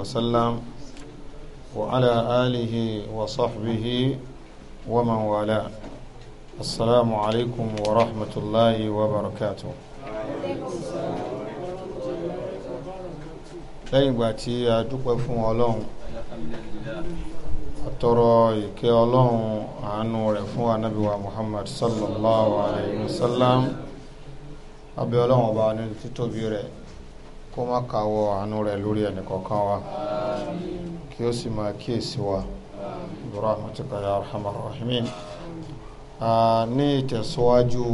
وسلم وعلى آله وصحبه ومن والاه السلام عليكم ورحمة الله وبركاته lẹ́yìn ìgbà tí a dúpẹ́ fún ọlọ́run àtọrọ ìkẹ́ ọlọ́run àánú rẹ̀ fún anábíwa muhammad sallallahu alayhi wa sallam abẹ́ ọlọ́run ọba ní títóbi rẹ̀ kó má kàwọ́ àánú rẹ̀ lórí ẹnìkọ̀ọ̀kan wa kí ó sì máa kíyèsí wa rahmatika ya arhamar rahimin ní ìtẹ̀síwájú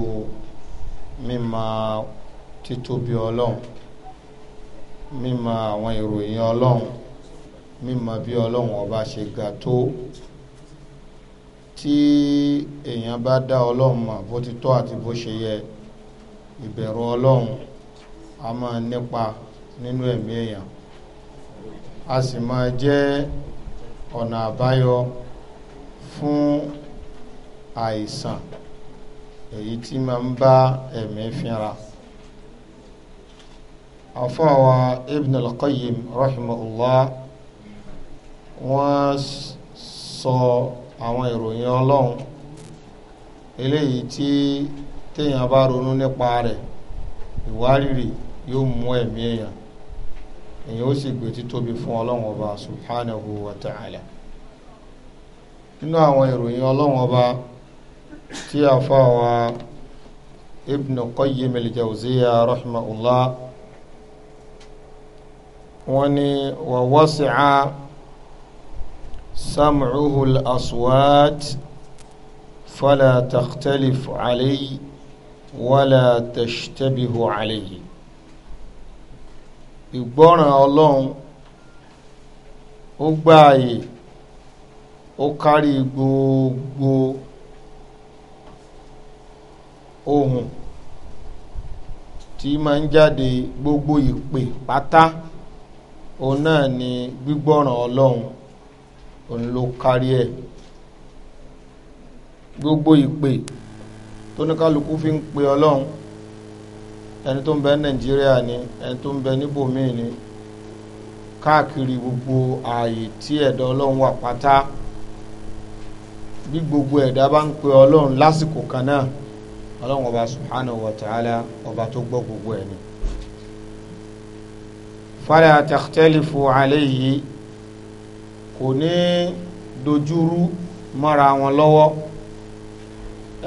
mímọ̀ títóbi ọlọ́run mímọ̀ àwọn ìròyìn ọlọ́run mímọ̀ bí ọlọ́run ọba ṣe ga tó tí èèyàn bá dá ọlọ́run mọ̀ bó ti tọ́ àti bó ṣe yẹ ìbẹ̀rù ọlọ́run a máa nípa nínú ẹ̀mí èèyàn a sì máa jẹ́ ọ̀nà àbáyọ fún àìsàn èyí tí máa ń bá ẹ̀mí fínra àfọwà Ibn al-Qayyim rahimahullah wọ́n sọ àwọn ìròyìn Ọlọ́run eléyìí tí téèyàn bá ronú nípa rẹ̀ ìwárìrì yóò mú ẹ̀mí èyàn ó sì gbé títóbi fún ọlọ́run ọba subhanahu wa ta'ala nínú àwọn ìròyìn ọlọ́run ọba tí a fà wá ibn qayyim al-jawziya rahimahullah wọ́n ní wa wasi'a sam'uhu al-aswat fala takhtalif alayhi wala tashtabihu alayhi ìgbọ́ràn ọlọ́run ó gba àyè ó kárí gbogbo ohun tí máa ń jáde gbogbo ìpè pátá òun náà ni gbígbọ́ràn ọlọ́run òun ló kárí ẹ̀ gbogbo ìpè tóníkálukú fi ń pe ọlọ́run ẹni tó ń bẹ nàìjíríà ni ẹni tó ń bẹ níbòmíì ni káàkiri gbogbo ààyè tí ẹ̀dá ọlọ́run wà pátá bí gbogbo ẹ̀dá bá ń pe ọlọ́run lásìkò kan náà ọlọ́run ọba subhanahu wa ta'ala ọba tó gbọ́ gbogbo ẹ̀ ni. fala takhtalifu alayhi kò ní dojúrú mọ́ra wọn lọ́wọ́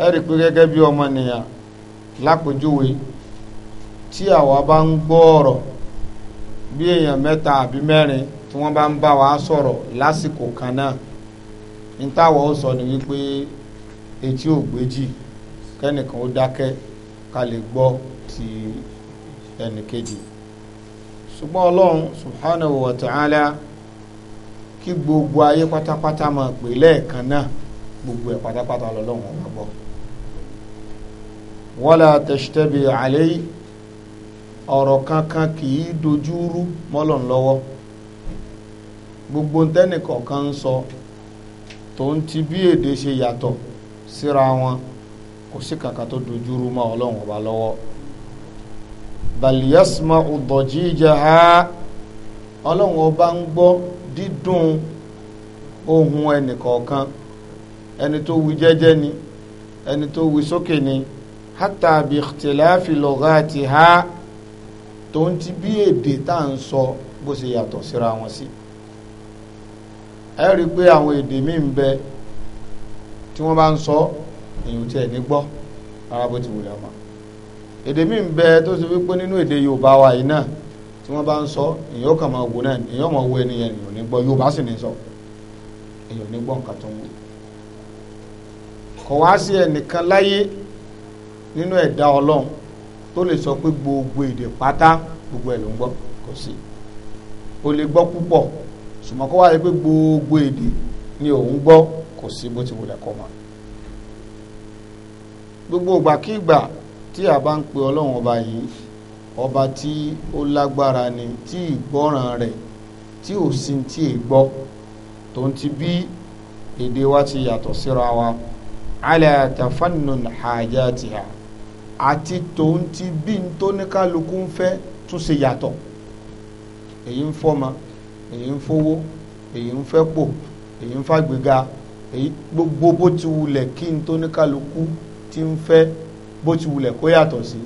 ẹ̀rí pé gẹ́gẹ́ bí ọmọnìyàn lápèjúwe. tí àwa bá ń gbọ́ ọ̀rọ̀ bí èèyàn mẹ́ta àbí mẹ́rin tí wọ́n bá ń bá wa sọ̀rọ̀ lásìkò kan náà ní táwọn ó sọ ni wípé etí ò gbéjì kẹ́nìkan ó dákẹ́ ká lè gbọ́ ti ẹnìkejì ṣùgbọ́n ọlọ́run gbogbo ayé pátápátá lẹ́ẹ̀kan náà gbogbo ẹ̀ pátápátá ọ̀rọ̀ kankan kì í dojú rú mọ́lọ̀n lọ́wọ́ gbogbo tẹ́nìkọ̀ọ̀kan ń sọ tó ń ti bí èdè ṣe yàtọ̀ síra wọn kò sí kankan tó dojú rú mọ́ ọlọ́run ọba lọ́wọ́ bal yasma'u dajijaha ọlọ́run ọba ń gbọ́ dídùn ohùn ẹnìkọ̀ọ̀kan ẹni tó wí jẹ́jẹ́ ni ẹni tó wí sókè ni hatta bi ikhtilafi lughatiha tó ń ti bí èdè tá à ń sọ bó ṣe yàtọ̀ síra wọn sí ẹ rí i pé àwọn èdè míì ń bẹ tí wọ́n bá ń sọ èyàn tí ẹ̀ ní gbọ́ rárá bó ti wùlẹ̀ ọmọ èdè míì ń bẹ tó ṣe wípé nínú èdè Yorùbá wa yìí náà tí wọ́n bá ń sọ èyàn kàn máa wò náà èyàn máa wo ẹnìyẹn èyàn ní gbọ́ Yorùbá sì ní sọ èyàn ní gbọ́ nǹkan tó ń wò kọ̀ wá sí ẹnìkan láyé nínú ẹ̀dá Ọlọ́run tó lè sọ pé gbogbo èdè pátá gbogbo ẹ̀ ló ń gbọ́ kò sí o lè gbọ́ púpọ̀ ṣùgbọ́n kó wá rí pé gbogbo èdè ni òun gbọ́ kò sí bó ti wulẹ̀ kọ́ mọ́ gbogbo ìgbàkígbà tí a bá ń pe ọlọ́run ọba yìí ọba tí ó lágbára ni tí ìgbọ́ràn rẹ̀ tí ò sí tí è gbọ́ tó ń ti bí èdè wa ti yàtọ̀ síra wa ala tafannun hajatiha àti tòun ti bí n tó ní kálukú ń fẹ́ tún ṣe yàtọ̀ èyí ń fọ́mọ èyí ń fowó èyí ń fẹ́ pò èyí ń fàgbéga èyí gbogbo bó ti wulẹ̀ kí n tó ní kálukú ti ń fẹ́ bó ti wulẹ̀ kó yàtọ̀ sí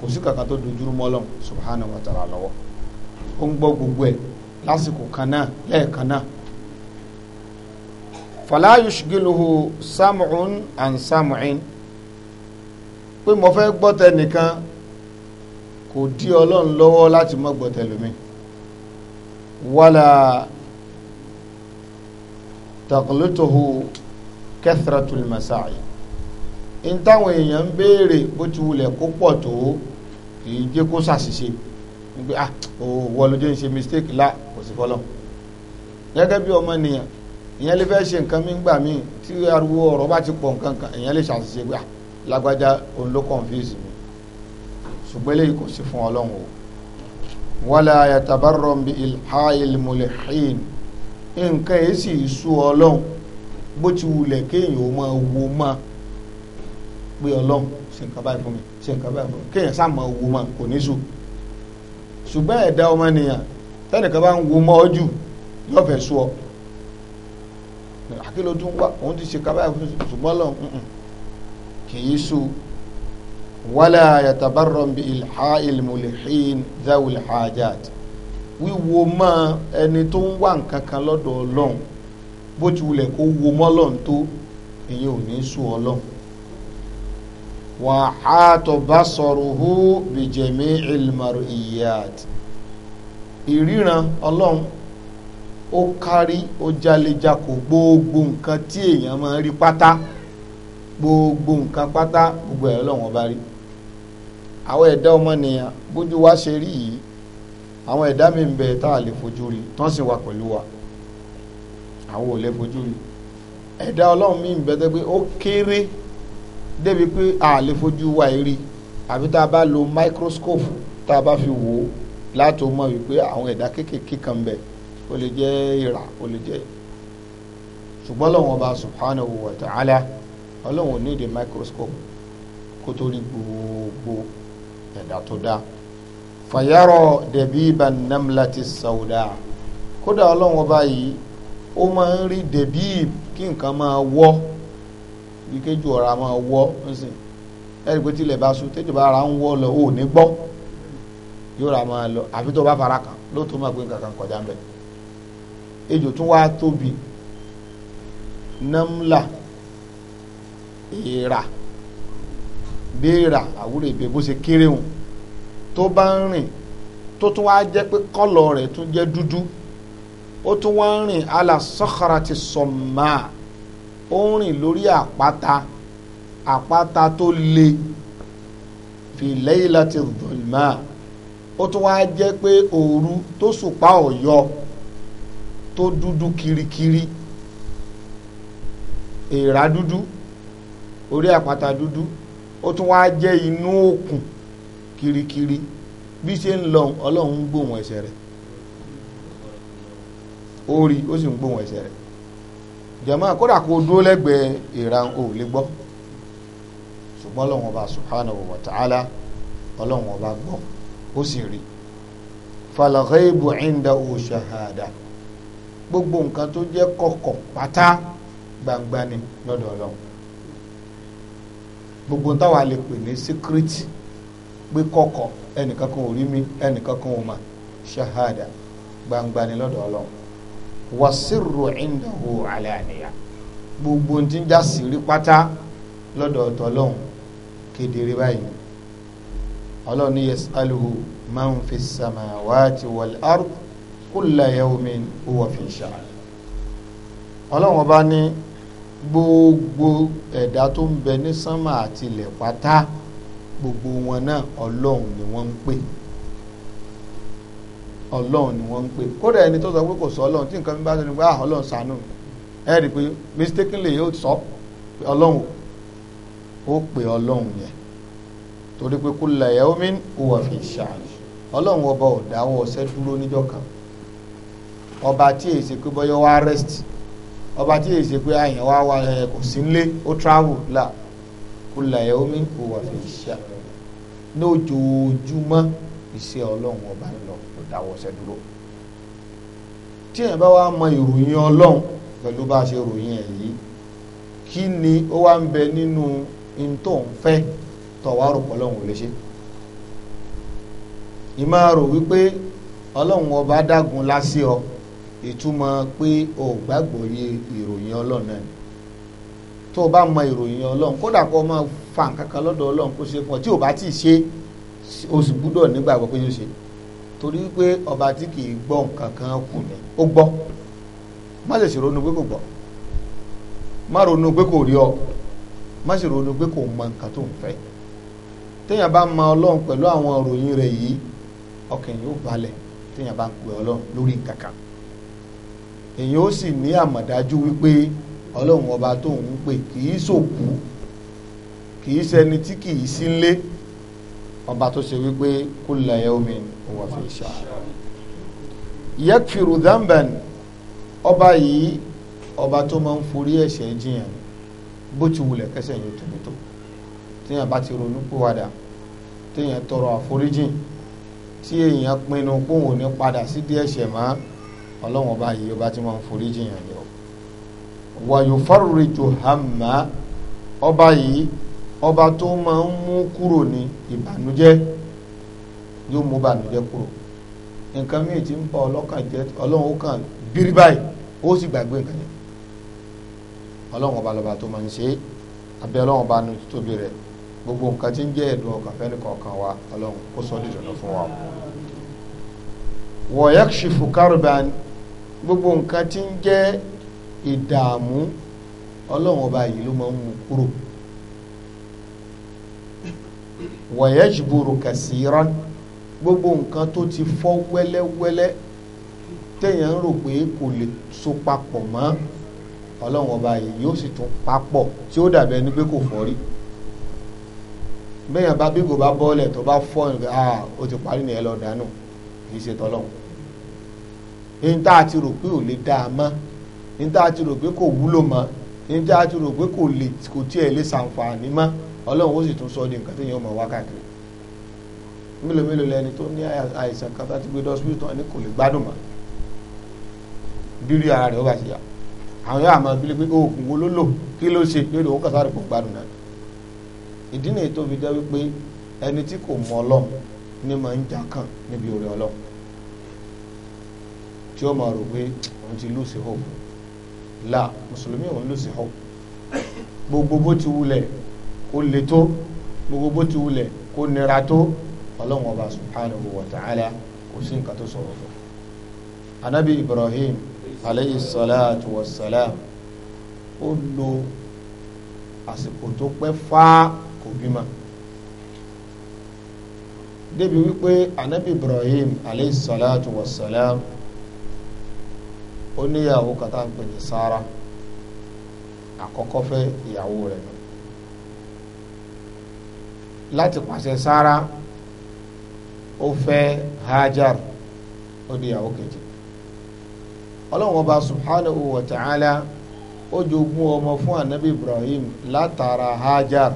kò sí kàkà tó dojúrú mọ́ Ọlọ́run subhanahu wa ta'ala lọ́wọ́ ó ń gbọ́ gbogbo ẹ̀ lásìkò kan náà lẹ́ẹ̀kan náà fala yushgiluhu sam'un an sam'in pé mo fẹ́ gbọ́tẹ nìkan kò dí ọlọ́run lọ́wọ́ láti mọ́ gbọ́tẹ lómi wàlà taqlutuhu kathratul masa'i in táwọn èèyàn ń béèrè bó ti wulẹ̀ kó pọ̀ tó kì í jẹ́ kó ṣàṣìṣe nígbà ah òwò wọlójó ń ṣe mistake la kò sí fọlọ́ gẹ́gẹ́ bí ọmọ nìyàn ìyẹn lè fẹ́ ṣe nǹkan mí gbà mí tí ariwo ọ̀rọ̀ bá ti pọ̀ nǹkan kan ìyẹn lè ṣàṣìṣe gbà lágbájá òun ló confuse mi ṣùgbọ́n eléyìí kò sí fún ọlọ́run o wala yatabarram ilha ilha'il mulhin nǹkan yìí sì sú ọlọ́run bó ti wulẹ̀ kéèyàn ó máa wo máa pé ọlọ́run ṣe nǹkan báyìí fún mi ṣe nǹkan báyìí fún mi kéèyàn sáà máa wo máa kò ní sùn ṣùgbọ́n ẹ̀dá ọmọnìyàn tẹ́nìkan bá ń wo mọ́ ọ jù yóò fẹ́ sú ọ àkìlódún wá òun ti ṣe kábàáyà fún ṣùgbọ́n lọ́hùn kìí sú wala yatabarram bi ilha ilmulihin zawul hajat wíwo mọ́ ẹni tó ń wá nǹkan kan lọ́dọ̀ ọlọ́run bó ti wulẹ̀ kó wo mọ́ ọlọ́run tó ìyẹn ò ní sú ọlọ́run wà á tó bá sọ̀rọ̀ hú bi jami'il mar'iyat ìríran ọlọ́run ó kárí ó jalejako gbogbo nǹkan tí èèyàn máa ń rí pátá gbogbo nǹkan pátá gbogbo ẹ̀ lọ́wọ́n bá rí àwọn ẹ̀dá ọmọnìyàn bójú wa ṣe rí yìí àwọn ẹ̀dá mi ń bẹ tá a lè fojú rí tán sì wà pẹ̀lú wa àwọn ò lè fojú rí ẹ̀dá ọlọ́run mi ń bẹ tẹ́ pé ó kéré débi pé a lè fojú wa rí àbí tá a bá lo microscope tá a bá fi wò ó láti mọ̀ wípé àwọn ẹ̀dá kéékèèké kan bẹ ó lè jẹ́ ìrà ó lè jẹ́ ṣùgbọ́n lọ́wọ́n ọba subhanahu wa ta'ala ọlọ́run ò ní èdè microscope kó tó rí gbogbo ẹ̀dá tó dá fàyàrọ̀ dẹ̀bíbà namlati sauda kódà ọlọ́run ọba yìí ó máa ń rí dẹ̀bíb kí nǹkan máa wọ́ bí kéjù ọ̀rá máa wọ́ nísìn ẹ̀rí pé tilẹ̀ bá sùn tẹ́jọ́ bá ara ń wọ́ lọ ò ní gbọ́ yóò ra máa lọ àfi tó bá fara kàn lóòótọ́ máa gbé nǹkan kan kọjá ń bẹ̀ ejò tún wá tóbi namla èèrà béèrà àwúrò ìbè bó ṣe kéré hùn tó bá ń rìn tó tún wá jẹ́ pé kọ́lọ̀ rẹ̀ tún jẹ́ dúdú ó tún wá ń rìn ala ti sọ̀mà ó ń rìn lórí àpáta àpáta tó le fi lẹ́yìnlá ti dùnmá ó tún wá jẹ́ pé òru tó sùpá ọ̀yọ́ tó dúdú kirikiri èèrà dúdú. Kiri orí àpáta dúdú ó tún wáá jẹ́ inú òkun kirikiri bí ṣe ń lọ ọlọ́run ń gbóhùn ẹsẹ̀ rẹ̀ ó rí ó sì ń gbóhùn ẹsẹ̀ rẹ̀ jẹ̀mọ́ kódà kó dúró lẹ́gbẹ̀ẹ́ ìran ò lè gbọ́ ṣùgbọ́n ọlọ́run ọba subhanahu wa ta'ala ọlọ́run ọba gbọ́ ó sì rí falghaybu indahu shahada gbogbo nǹkan tó jẹ́ kọ̀kọ̀ pátá gbangba ni lọ́dọ̀ ọlọ́run gbogbo táwa lè pè ní secret pé kọ̀kọ̀ ẹnìkan kan ò rí mi ẹnìkan kan ò mà ṣahada gbangba ni lọ́dọ̀ Ọlọ́run wàsírù ìndàwó àlàníyà gbogbo tí ń jásí rí pátá lọ́dọ̀ ọ̀tọ̀ Ọlọ́run kedere báyìí Ọlọ́run ní yasaluhu man fi samawati wal ard kulla yawmin huwa fi sha'n Ọlọ́run ọba ní gbogbo ẹ̀dá tó ń bẹ ní sánmà àti ilẹ̀ pátá gbogbo wọn náà ọlọ́run ni wọ́n ń pè ọlọ́run ni wọ́n ń pè kódà ẹni tó sọ pé kò sọ ọlọ́run tí nǹkan bá sọ pé ah ọlọ́run ṣàánú ẹ rí i pé mistakenly yóò sọ pé ọlọ́run ó pè ọlọ́run yẹn torí pé kulla yawmin huwa fi sha'n ọlọ́run ọba ò dáwọ́ ọ̀sẹ̀ dúró níjọ́ kan ọba tí èsì pé bọ́yọ́ wá rest ọba tí èyí ṣe pé àyàn wá wá ẹ kò sí nílé ó travel là kulla yawmin huwa fi shan lójoojúmọ́ iṣẹ́ ọlọ́run ọba ń lọ kò dáwọ́sẹ̀ dúró tí èyàn bá wá mọ ìròyìn ọlọ́run pẹ̀lú bá a ṣe ròyìn ẹ̀ yìí kí ni ó wá ń bẹ nínú in tó ń fẹ́ tọ̀wá rò pọ̀ lè ṣe ìmáa rò wípé ọlọ́run ọba dágun lásì ìtumọ̀ pé o gbàgbọ́ yé ìròyìn ọlọ́run náà tó o bá mọ ìròyìn ọlọ́run kódà kó o máa fa nǹkan kan lọ́dọ̀ ọlọ́run kó ṣe fún ọ tí o bá tí ì ṣe o sì gbúdọ̀ nígbàgbọ́ pé yóò ṣe torí pé ọba tí kì í gbọ́ nǹkan kan kù ni ó gbọ́ má lè ṣèrònú pé kò gbọ́ má ronú pé kò rí ọ má sì ronú pé kò mọ nǹkan tó ń fẹ́ téèyàn bá mọ ọlọ́run pẹ̀lú àwọn ìròyìn rẹ̀ yìí ọkàn yóò balẹ̀ téèyàn bá ń ọlọ́run lórí nǹkan kan èyí ó sì ní àmọ̀dájú wípé ọlọ́run ọba tó ń pè kì í ṣòkú kì í ṣẹni tí kì í sí ọba tó ṣe wípé kulla yawmin huwa fi sha'n yakfiru dhanban ọba yìí ọba tó máa ń forí ẹ̀ṣẹ̀ jiyàn bó ti wulẹ̀ kẹsẹ̀ yìí tóbi tó téèyàn bá ti ronú pìwàdà téèyàn tọrọ àforíjìn tí èèyàn pinnu póun ò ní padà sídìí ẹ̀ṣẹ̀ máa ọlọ́run ọba yìí ọba tí wọ́n ń forí jìyàn ni ọ. wàyò fárúrejò hàmà ọba yìí ọba tó máa ń mú kúrò ní ìbànújẹ́ yóò mú ìbànújẹ́ kúrò nǹkan míì tí ń bọ ọlọ́kàn jẹ́ ọlọ́run ó kàn bírí báyìí ó sì gbàgbé nǹkan yẹn ọlọ́run ọba lọ́ba tó máa ń ṣe abẹ́ ọlọ́run ọba nu tóbi rẹ̀ gbogbo nǹkan tí ń jẹ́ ẹ̀dùn ọkàn fẹ́ni kọ̀ọ̀kan wa ọlọ́run kó sọ ọ́ dìjọ́nà fún wa. wọ̀nyẹ́kṣì fún kárùbán gbogbo nǹkan tí ń jẹ́ ìdààmú ọlọ́run ọba yìí ló máa ń mú kúrò wọ̀yẹ́jìbòrò kẹsìrán gbogbo nǹkan tó ti fọ́ wẹ́lẹ́wẹ́lẹ́ téèyàn ń rò pé kò lè so papọ̀ mọ́ ọlọ́run ọba yìí yóò sì tún papọ̀ tí ó dàbí ẹni pé kò fọ́ rí bẹ́ẹ̀ yẹn bá bí kò bá bọ́ọ̀lẹ̀ tó bá fọ́ ẹ̀ ah ó ti parí nìyẹn lọ dànù kì í ṣe tọ́lọ́run ní tá a ti rò pé ò lè dáa mọ́ ní tá a ti rò pé kò wúlò mọ́ ní tá a ti rò pé kò lè kò tiẹ̀ lè ṣàǹfààní mọ́ ọlọ́run ó sì tún sọ ọ́ di nǹkan tó yẹ ọmọ wá káàkiri mélòó mélòó lẹni tó ní àìsàn kan láti gbé dọ́sítì tán ni kò lè gbádùn mọ́ ara rẹ̀ ó bá ṣe yà àwọn yóò àmọ́ bílẹ̀ pé oògùn wo ló lò kí tí ó máa rò pé òun ti lose hope la mùsùlùmí òun lose hope gbogbo bó ti wulẹ̀ kó le tó gbogbo bó ti wulẹ̀ kó nira tó ọlọ́run ọba subhanahu wa ta'ala kò sí nǹkan tó sọ̀rọ̀ fún anabi ibrahim alayhi salatu wa salam ó lo àsìkò tó pẹ́ fáá kò bímọ débi wípé anabi ibrahim alayhi salatu wa salam ó níyàwó kan tá à ń pè ní Sara àkọ́kọ́ fẹ́ ìyàwó rẹ̀ nù láti pàṣẹ Sara ó fẹ́ Hajar ó di ìyàwó kejì ọlọ́run ọba subhanahu wa ta'ala ó jogún ọmọ fún anabi Ibrahim látara Hajar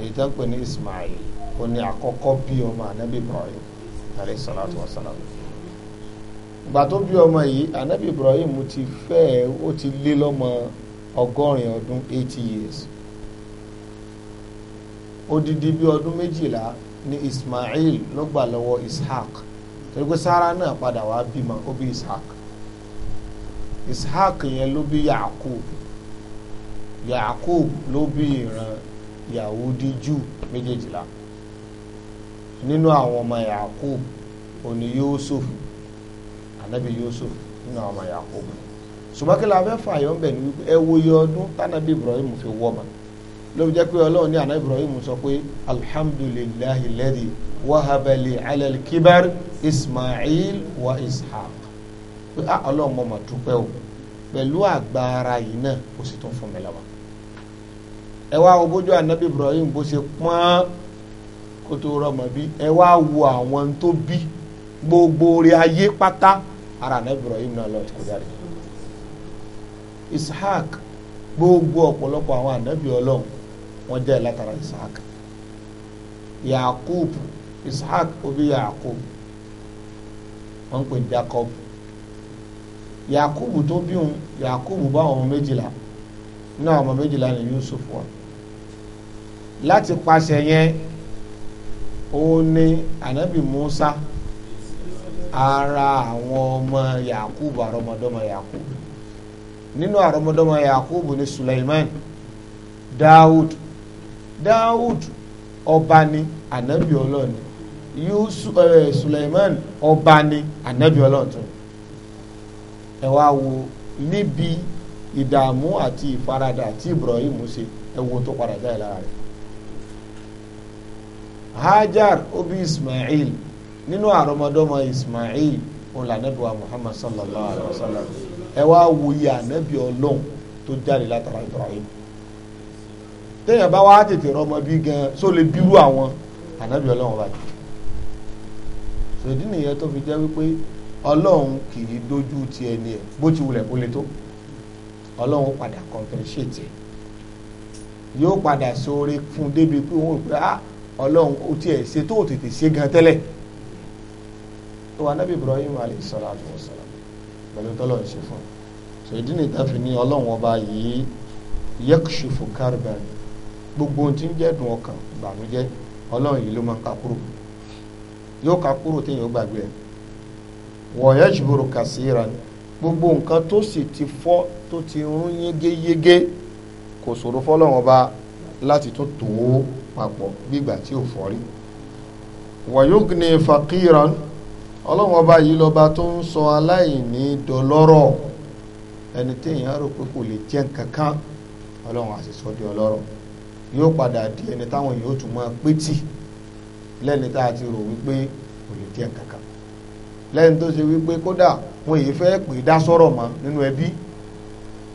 èyí tó ń pè ní Ismail ó ní àkọ́kọ́ bí ọmọ anabi Ibrahim alayhi salatu wa salam ìgbà tó bí ọmọ yìí anabi ibrahim ti fẹ́ ó ti lé lọ́mọ ọgọ́rin ọdún eighty years odidi bí ọdún méjìlá ni ismail ló gbà lọ́wọ́ ishaq torí pé sara náà padà wá bímọ ó bí ishaq ishaq yẹn ló bí yaakub yaakub ló bí ìran yahudi jù méjèèjìlá nínú àwọn ọmọ yaakub òní yusuf anabi yusuf nínú àwọn ọmọ yakub ṣùgbọ́n abẹ́ fààyàn bẹ̀ ni wípé ẹ wo iye ọdún tánàbí ibrahim fi wọ́ ma ló fi jẹ́ pé ọlọ́run ní anabi ibrahim sọ pé alhamdulillahi alladhi wahabali alal kibar ismail wa ishaq pé a ah, ọlọ́run mo mà dúpẹ́ o pẹ̀lú àgbára yìí náà ó sì tún fún mi lọ́wọ́ ẹ wá wo bójú anabi ibrahim bó ṣe pọ́n kó rọmọ bí ẹ wá wo àwọn tó bí gbogbo orí ayé pátá ara anabi ibrahim náà lọ kó jáde ishaq gbogbo ọ̀pọ̀lọpọ̀ àwọn anabi ọlọ́run wọ́n jẹ́ látara ishaq yaakub ishaq obi yaakub wọ́n ń pè jacob yakubu tó bí òun yakubu bá ọmọ méjìlá náà ọmọ méjìlá ni yusuf wà láti pàṣẹ yẹn ó ní anabi musa ara àwọn ọmọ yakubu àrọmọdọ́mọ yakubu nínú àrọmọdọ́mọ yakubu ni suleiman dawud dawud ọba ni anabi ọlọ́ni yusuf ẹ suleiman ọba ni anabi ọlọ́tún ẹ wá wo níbi ìdààmú àti ìfaradà tí ibrahim ṣe ẹ wo tó padà jáde lára rẹ̀ hajar obi ismail nínú àrọmọdọ́mọ Ismail olànàbí wa Muhammad sallallahu alayhi wa sallam ẹ wá wòye ànábì Ọlọ́run tó jáde látara Ibrahim téèyàn bá wá tètè rọmọ bí gan só lè bírú àwọn ànábì Ọlọ́run wa jù sòdí nìyẹn tó fi jẹ́ wípé Ọlọ́run kì í dójú ti ẹni ẹ̀ bó ti wulẹ̀ kó le tó Ọlọ́run padà compensate yóò padà sóore fún débi pé òun rò pé ah Ọlọ́run ó tiẹ̀ ṣe tó tètè ṣe gan tẹ́lẹ̀ tó wà nábì Ibrahim alayhi salatu wa salam pẹ̀lú tọ́lọ̀ ń ṣe fún so ìdí ni ìtàfi ní ọlọ́run ọba yìí yakshifu kárìbẹ̀rẹ̀ gbogbo ohun tí ń jẹ́dùn ọkàn ìbànújẹ́ ọlọ́run yìí ló máa ká kúrò yóò ká kúrò téèyàn ó gbàgbé ẹ̀ wa yajburu kasiran gbogbo nǹkan tó sì ti fọ́ tó ti rún yégéyégé kò ṣòro fọ́lọ́run ọba láti tún tò papọ̀ gbígbà tí ò fọ́ rí wa yugni faqiran ọlọ́run ọba yìí lọ́ba tó ń sọ aláìní dọlọ́rọ̀ ẹni téèyàn rò pé kò lè jẹ́ kankan ọlọ́run àṣìṣọ́ di ọlọ́rọ̀ yóò padà di ẹni táwọn yóò tún máa pétì lẹ́ni tá a ti rò wípé kò lè jẹ́ kankan lẹ́ni tó ṣe wípé kódà wọn èyí fẹ́ pè dá sọ̀rọ̀ mọ́ nínú ẹbí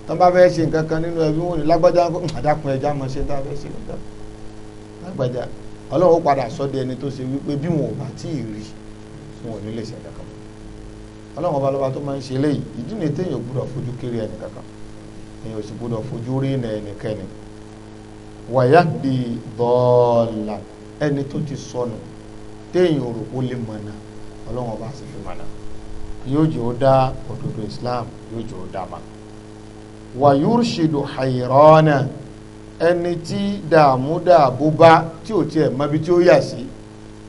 tán bá fẹ́ ṣe nǹkan kan nínú ẹbí wọn ni lágbájá àdàkùn ẹja mọ̀ ṣe tá a fẹ́ ṣe nǹkan lágbájá ọlọ́run padà sọ di ẹni tó ṣe wípé bí wọn ò bá tí rí i wọn ò ní lè ṣe kankan ọlọ́run ọba lọ́ba tó máa ń ṣe léyìí ìdúnnì téèyàn gbúdọ̀ fojú kéré ẹnì kankan èèyàn sì gbúdọ̀ fojú rí ẹnì ẹnìkẹ́ni wàyà di bọ́ọ̀là ẹni tó ti sọnù téèyàn rò ó lè mọ̀nà ọlọ́run ọba sì fi mọ̀nà yóò jẹ́ ó dá òdodo Islam yóò jẹ́ ó dá ma wàyúrṣìdù hayrọ́nà ẹni tí dààmú dààbò bá tí ò tiẹ̀ mọ́bi tí ó yà sí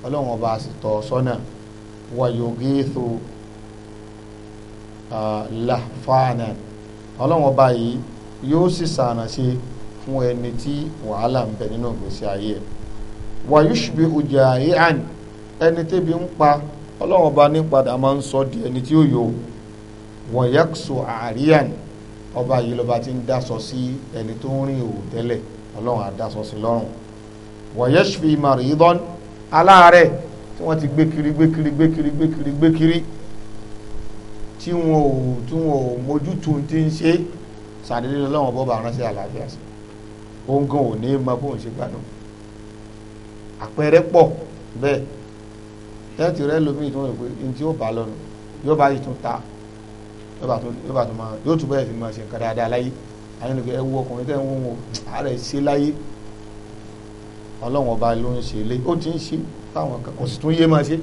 ọlọ́run ọba sì tọ́ sọ́nà. So wàyògéètò làfáànà ọlọ́run ọba yìí yóò sì sàánà ṣe fún ẹni tí wàhálà ń bẹ nínú ìgbésí ayé ẹ̀ wàyúṣùbí ọjà ìhàn ẹni tẹ́bi ń pa ọlọ́run ọba ní padà máa ń sọ di ẹni tí ó yọ wọ̀yẹ́kṣù àríyàn ọba yìí lọ́ba ti ń dáṣọ sí ẹni tó ń rìn òwò tẹ́lẹ̀ ọlọ́run á dáṣọ sí lọ́rùn wọ̀yẹ́ṣùbí màrìdán aláàárẹ̀ tí wọ́n ti gbé kiri gbé kiri gbé kiri gbé kiri gbé kiri tí wọn ò tí wọn ò mójútó ti ń ṣe sàdédé lọ́wọ́n bọ́ bá ránṣẹ́ àlàáfíà sí òun gan ò ní mọ bóun ṣe gbádùn àpẹẹrẹ pọ̀ bẹ́ẹ̀ tẹ́tì rẹ lómi ìtún rẹ pé ní tí ó bá lọ́nu yóò bá yìí tún ta yóò bá tún máa yóò tún bẹ́ẹ̀ fi máa ṣe nǹkan dáadáa láyé àwọn ènìyàn ẹ ọkùnrin tẹ́ ń wọ́n o àárẹ̀ ṣe láyé ọlọ́wọ́n ọba ló ń ṣe lé ó ti ń ṣe táwọn kan kò sì tún yé máa ṣe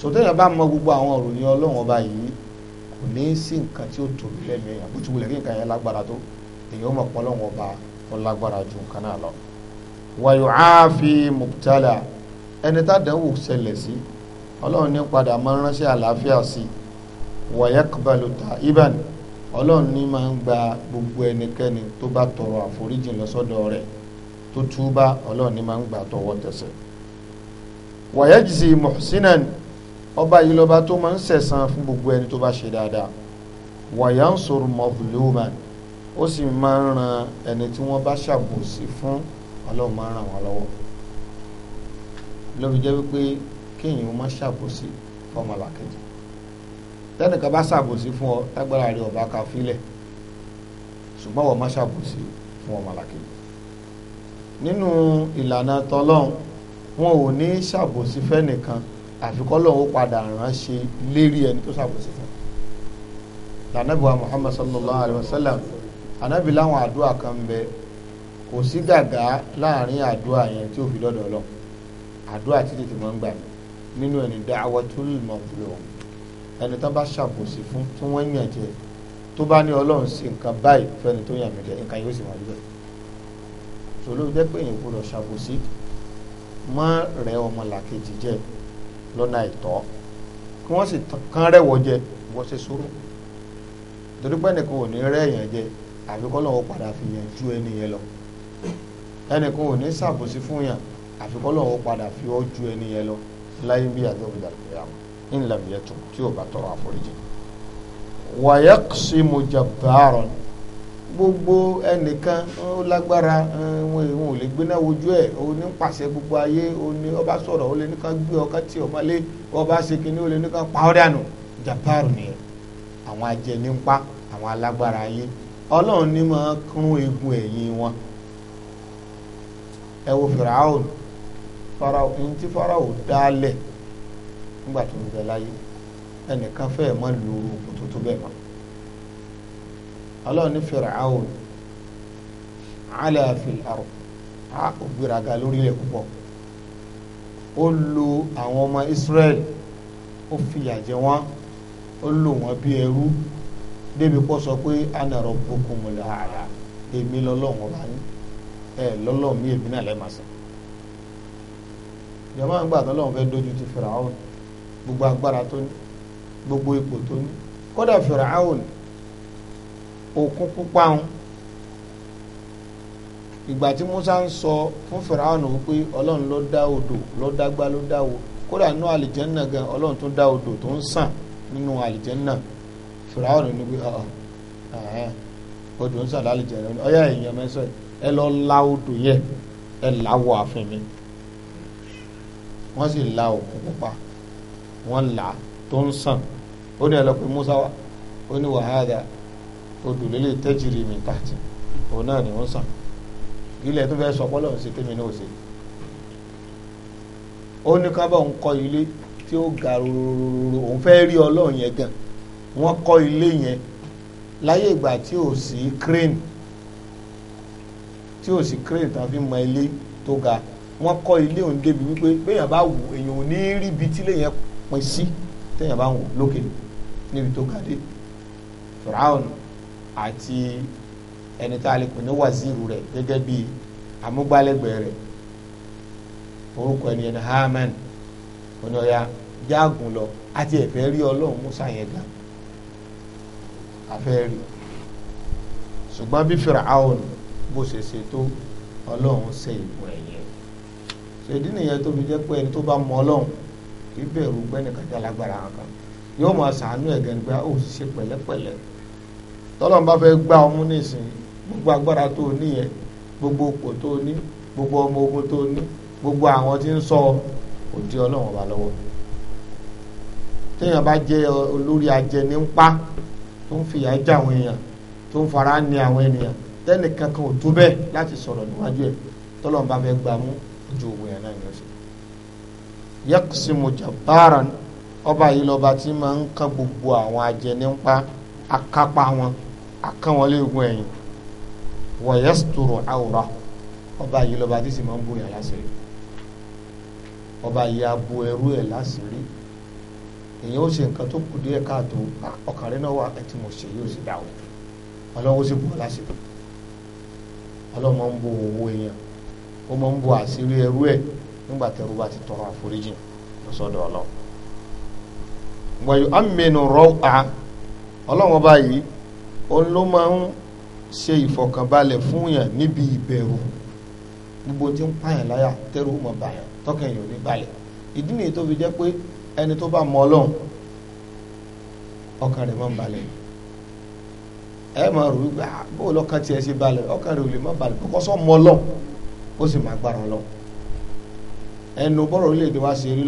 sọtẹ́yìn bá mọ gbogbo àwọn òròyìn ọlọ́run ọba yìí kò ní sí nǹkan tí ó tòbi lẹ́nu èèyàn bó ti wulẹ̀ kí nǹkan yẹn lágbára tó èèyàn mọ̀ pọ́ ọlọ́run ọba ó lágbára ju nǹkan náà lọ. wàyò ááfi mubtala ẹni tádẹ́wò ṣẹlẹ̀ sí ọlọ́run ní padà máa ń ránṣẹ́ àlàáfíà sí wàyẹ́kùbalù ta'iban ọlọ́run ní máa ń gba gbogbo ẹnikẹ́ni tó bá tọrọ àforíjì lọ́sọ́dọ̀ rẹ̀ tó túbá ọlọ́run ní máa ń gbà tọwọ́ tẹsẹ̀ wàyẹ́jìsì muhsinan ọba yìí lọ́ba tó máa ń sẹ̀san fún gbogbo ẹni tó bá ṣe dáadáa wàyánsòrò mọ̀fúlùmán ó sì máa ń ran ẹni tí wọ́n bá ṣàbòsí fún ọlọ́run máa ń ràn wọ́n lọ́wọ́ lóbi jẹ́ wípé kéèyàn má ṣàbòsí fọmọ làkejì tẹ́nìkan bá ṣàbòsí fún ọ tágbára rẹ ọba ká fílẹ̀ ṣùgbọ́n wọ́n má ṣàbòsí fún ọmọ làkejì nínú ìlànà tọlọ́run wọn ò ní ṣàbòsí fẹ́nìkan àfikọ́lọ̀ ó padà ránṣẹ́ lérí ẹni tó ṣàbòsí fún lànàbíwá Muhammad sallallahu alayhi wa sallam ànábì láwọn àdúrà kan ń bẹ kò sí gàgá láàrin àdúrà yẹn tí ó fi dọ́dọ̀ lọ àdúrà tí tètè máa ń gbà nínú ẹni da'watul mazlum ẹni tó bá ṣàbòsí fún tí wọ́n yàn jẹ tó bá ní ọlọ́run sí nǹkan báyìí fẹ́ni tó yàn mí jẹ nǹkan yóò sì máa rí mọ́ rẹ ọmọlàkejì jẹ lọ́nà àìtọ́ kí wọ́n sì kán rẹ̀wọ̀ jẹ wọ́n ṣe sùúrù torí pé ẹnìkan ò ní rẹ́ èèyàn jẹ àfi kọ́ lọ́wọ́ padà fi yẹn ju ẹni yẹn lọ ẹnìkan ò ní ṣàbòsí fún yàn àfi kọ́ padà fi ọ́ ju ẹni yẹn lọ láyé bí àdóbi dàgbéyà ńlá mi yẹ tó tí ò bá tọrọ àforíjì wàyẹ́kùsí mo jẹ gbogbo ẹnìkan ó lágbára eh, wọn ìwọn ò lè gbéná wojú ẹ ó ní pàṣẹ gbogbo ayé ó ní ọba sọ̀rọ̀ ó lè nìkan gbé ọkàn tí ọba lé ọba ṣe kínní ó lè nìkan pa ọ́ dànù japaru nìyẹn àwọn ajẹnipa àwọn alágbára ayé ọlọ́run ní máa kún egun ẹ̀yìn wọn ẹ wo fìràhùn farao ní tí farao dálẹ̀ nígbà tó ń bẹ láyé ẹnìkan fẹ́ẹ̀ mọ́ lu kòtò tó bẹ́ẹ̀ mọ́ ọlọ́run ní Fir'aun ala fil ard á ògbéraga lórí ilẹ̀ púpọ̀ ó lo àwọn ọmọ Israel ó fìyà jẹ wọ́n ó lò wọ́n bí ẹrú débi kó sọ pé ana rabbukumul a'la èmi lọ́lọ́run ọba yín ẹ lọ́lọ́run mi èmi náà lẹ́ẹ̀ máa sọ ìjọba ń tó lọ́run fẹ́ dojú ti Fir'aun gbogbo agbára tó ní gbogbo ipò tó ní kódà Fir'aun òkun pupa ń ìgbà tí Musa ń sọ fún Fìràwọ̀nù wípé Ọlọ́run ló dá odò ló dágbá ló dáwo kódà nínú àlìjẹ́nà gan Ọlọ́run tó dá odò tó ń sàn nínú àlìjẹ́nà Fìràwọ̀nù ni pé odò ń sàn lálìjẹ́nà ọyá èèyàn mẹ́sàn ẹ lọ la odò yẹn ẹ làwọ̀ àfin mi wọ́n sì la òkun pupa wọ́n là tó ń sàn ó ní ẹ lọ pé Musa wa ó ní wàhálà odò lélẹ̀ tẹ́jìrì mi tààtì òun náà ni wọ́n sàn ilẹ̀ tó fẹ́ sọ pọ́lọ̀ ń ṣe tèmi náà ṣe ó ní ká bá òun kọ́ ilé tí ó ga rorororo òun fẹ́ rí ọlọ́run yẹn gan wọ́n kọ́ ilé yẹn láyé ìgbà tí ò sí crane tí ò sí crane tá a fi mọ ilé tó ga wọ́n kọ́ ilé òun débi wípé béèyàn bá wò èèyàn ò ní rí ibi tí yẹn pín sí téèyàn bá wò lókè níbi tó ga dé fìràwọ̀n àti ẹni tá a lè pè ní wàzírù rẹ gẹ́gẹ́ bí amúgbálẹ́gbẹ̀ẹ́ rẹ̀ orúkọ ẹni ẹni Haman oníyọ̀ya jágùn lọ àti ẹ̀fẹ́ Musa yẹn ga afẹ́ rí ṣùgbọ́n bí Firaun bó ṣe ṣe tó ọlọrun ṣe ìbò ẹ̀yẹ ṣèdí nìyẹn tó fi jẹ́ pé ẹni tó bá mọ ọlọrun kì í bẹ̀rù gbẹ́nìkan jálágbára kan yóò máa ṣàánú ẹ̀gẹ́ nígbà ó sì ṣe tọ́lọ́n bá fẹ́ gbá ọmú nísìnyí gbogbo agbára tó o ní yẹn gbogbo òpò tó o ní gbogbo ọmọ ogun tó o ní gbogbo àwọn tí ń sọ òdi ọlọ́run ọba lọ́wọ́ téèyàn bá jẹ olórí ajẹni ń pa tó ń fìyà jẹ àwọn èèyàn tó ń fara ní àwọn ènìyàn tẹ́nì kankan ò tó bẹ́ẹ̀ láti sọ̀rọ̀ níwájú ẹ̀ tọ́lọ́run bá fẹ́ gbà mú ju òwe ẹ̀ náà ní ọ̀sẹ̀. yakusimu jabaran ọba yìí lọ́ba tí máa ń kan gbogbo àwọn ajẹni ń pa akápá wọn. àkànwọlé egun ẹ̀yìn wọ̀yẹ́sítòrò àwòrán ọba yìí lọ́ba tí sì máa ń bò yàn láṣìírí ọba yìí abo ẹrú ẹ̀ láṣìírí èyàn ó ṣe nǹkan tó kù díẹ̀ káàtó ọkàn rẹ náà wà ẹ tí mo ṣe yóò sì dá o ọlọ́wọ́ sì bò láṣìírí ọlọ́mọ ń bo owó èèyàn ó máa ń bo àṣírí ẹrú nígbà bá ti tọrọ àforíjì lọ́sọ̀dọ̀ òun ló máa ń ṣe ìfọ̀kànbalẹ̀ fún yàn níbi ìbẹ̀rù gbogbo tí ń pààyàn láyà tẹ́rù mọ̀ bàyàn tọ́kàn yàn ní balẹ̀ ìdí nìyí tó fi jẹ́ pé ẹni tó bá mọ ọlọ́run ọkàn rẹ̀ máa balẹ̀ ẹ máa rò wípé ah, bó lọ́kàn tiẹ̀ ṣe balẹ̀ ọkàn rẹ̀ ò lè má balẹ̀ kókó sọ mọ ọlọ́run wa ṣe rí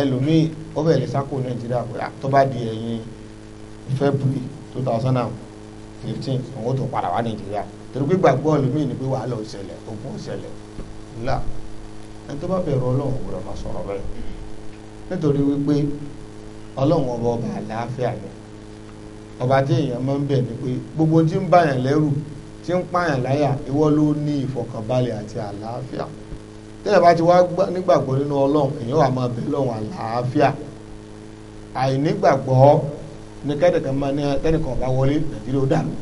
ẹlòmíì ó bẹ̀rẹ̀ lè sáko nàìjíríà pé tó bá di ẹ̀yìn february two thousand and fifteen òun tó padà wá nàìjíríà torí pé gbàgbọ́ ẹlòmíì ni pé wàhálà ò ṣẹlẹ̀ ogun ò ṣẹlẹ̀ ńlá ẹni tó bá bẹ̀rù ọlọ́run máa sọ̀rọ̀ nítorí wípé ọlọ́run ọba ọba àlàáfíà ọba tí èèyàn máa ń bẹ̀ ni gbogbo tí ń lẹ́rù tí ń láyà ló ní tẹ́yẹ̀ bá ti wá nígbàgbọ́ nínú ọlọ́run èyàn wà máa bẹ̀ lọ́run àlàáfíà àìnígbàgbọ́ ni kẹ́nìkan máa ní kẹ́nìkan bá wọlé nàìjíríà ó dàrú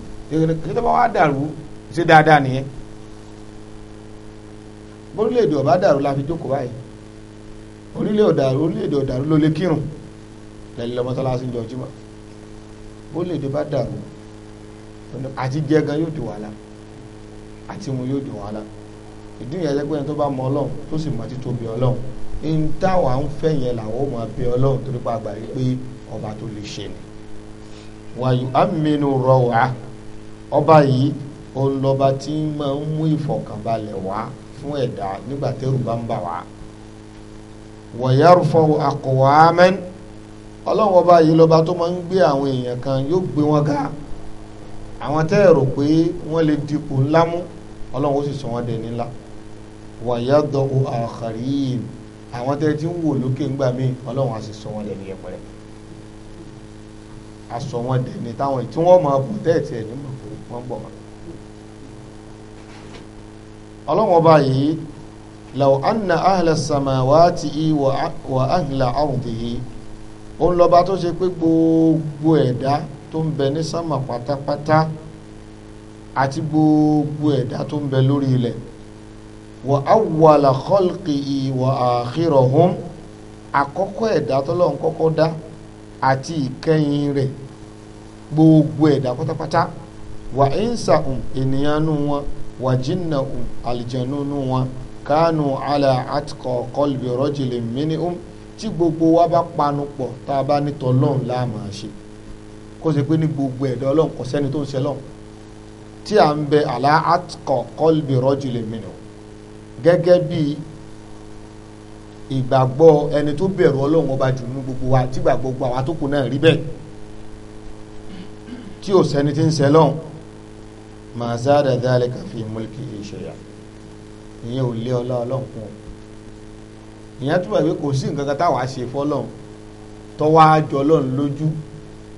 kí ló bá wá dàrú ṣé dáadáa nìyẹn orílẹ̀-èdè ọ̀bá dàrú la fi jókòó báyìí orílẹ̀ ọ̀dàrú orílẹ̀-èdè ọ̀dàrú ló lé kírun lẹ́yìn lọ́mọ́sálásí ń jọ jímọ̀ orílẹ̀-èdè bá dàrú àti jẹ gan yóò di wàhálà àti mu yóò di wàhálà ìdúnyẹn jẹ́ pé ẹni tó bá mọ ọlọ́run tó sì mọ títóbi ọlọ́run ń táwa ń fẹ́ yẹn làwọn ọmọ abẹ ọlọ́run torí pa àgbà yìí pé ọba tó lè ṣe ni. wàyù amínú rọwà ọba yìí òun lọba tí máa ń mú ìfọ̀kànbalẹ̀ wá fún ẹ̀dá nígbà tẹ́rù bá ń bà wá. wọ̀yárùfọ̀ àkọ̀wá amẹ́n ọlọ́run ọba yìí lọba tó máa ń gbé àwọn èèyàn kan yóò gbé wọn ga àwọn tẹ́ pé wọ́n lè dipò ńlá mú ọlọ́run ó sì sọ wọ́n dẹni ńlá. wàyàdọ̀ àkàríyìn àwọn tẹ́ tí ń wò lókè ńgbà mí ọlọ́run sọ wọn dẹni yẹpẹrẹ aṣọ wọn dẹni táwọn tí wọ́n máa bọ̀ tẹ́ẹ̀tì ẹ̀ nígbà tó wọ́n bọ̀ ọlọ́run ọba yìí law anna bụ samawati wa ahla òun lọ́ba tó ṣe pé gbogbo ẹ̀dá tó ń bẹ ní gbogbo ẹ̀dá tó ń bẹ lórí wa awwala khalqihi wa akhirahum àkọ́kọ́ ẹ̀dá tọ́lọ́run kọ́kọ́ dá àti ìkẹyìn rẹ̀ gbogbo ẹ̀dá pátápátá wa insa'um ènìyàn nù wọn wa jinna'um àlìjẹ̀nù nù wọn kánú ala atqa qalbi rajulin minhum tí gbogbo wa bá panu pọ̀ tá a bá ní tọ́lọ́run la ṣe kó pé ní gbogbo ẹ̀dá ọlọ́run kò tó ń ṣe lọ́run tí à ń bẹ ala atqa qalbi rajulin minhum gẹ́gẹ́ bí ìgbàgbọ́ ẹni tó bẹ̀rù ọlọ́run ọba jù nínú gbogbo wa tí gbàgbọ́ gbogbo àwa tó kù náà rí bẹ́ẹ̀ tí ò sẹ́ni tí ń sẹ́ lọ́hùn màá zada dhalika fi mulki shay'a ìyẹn ò lé ọlá ọlọ́run kún o ìyẹn túbọ̀ wípé kò sí nǹkan kan táwa ṣe fọlọ́run tọ́wọ́ àjọ ọlọ́run lójú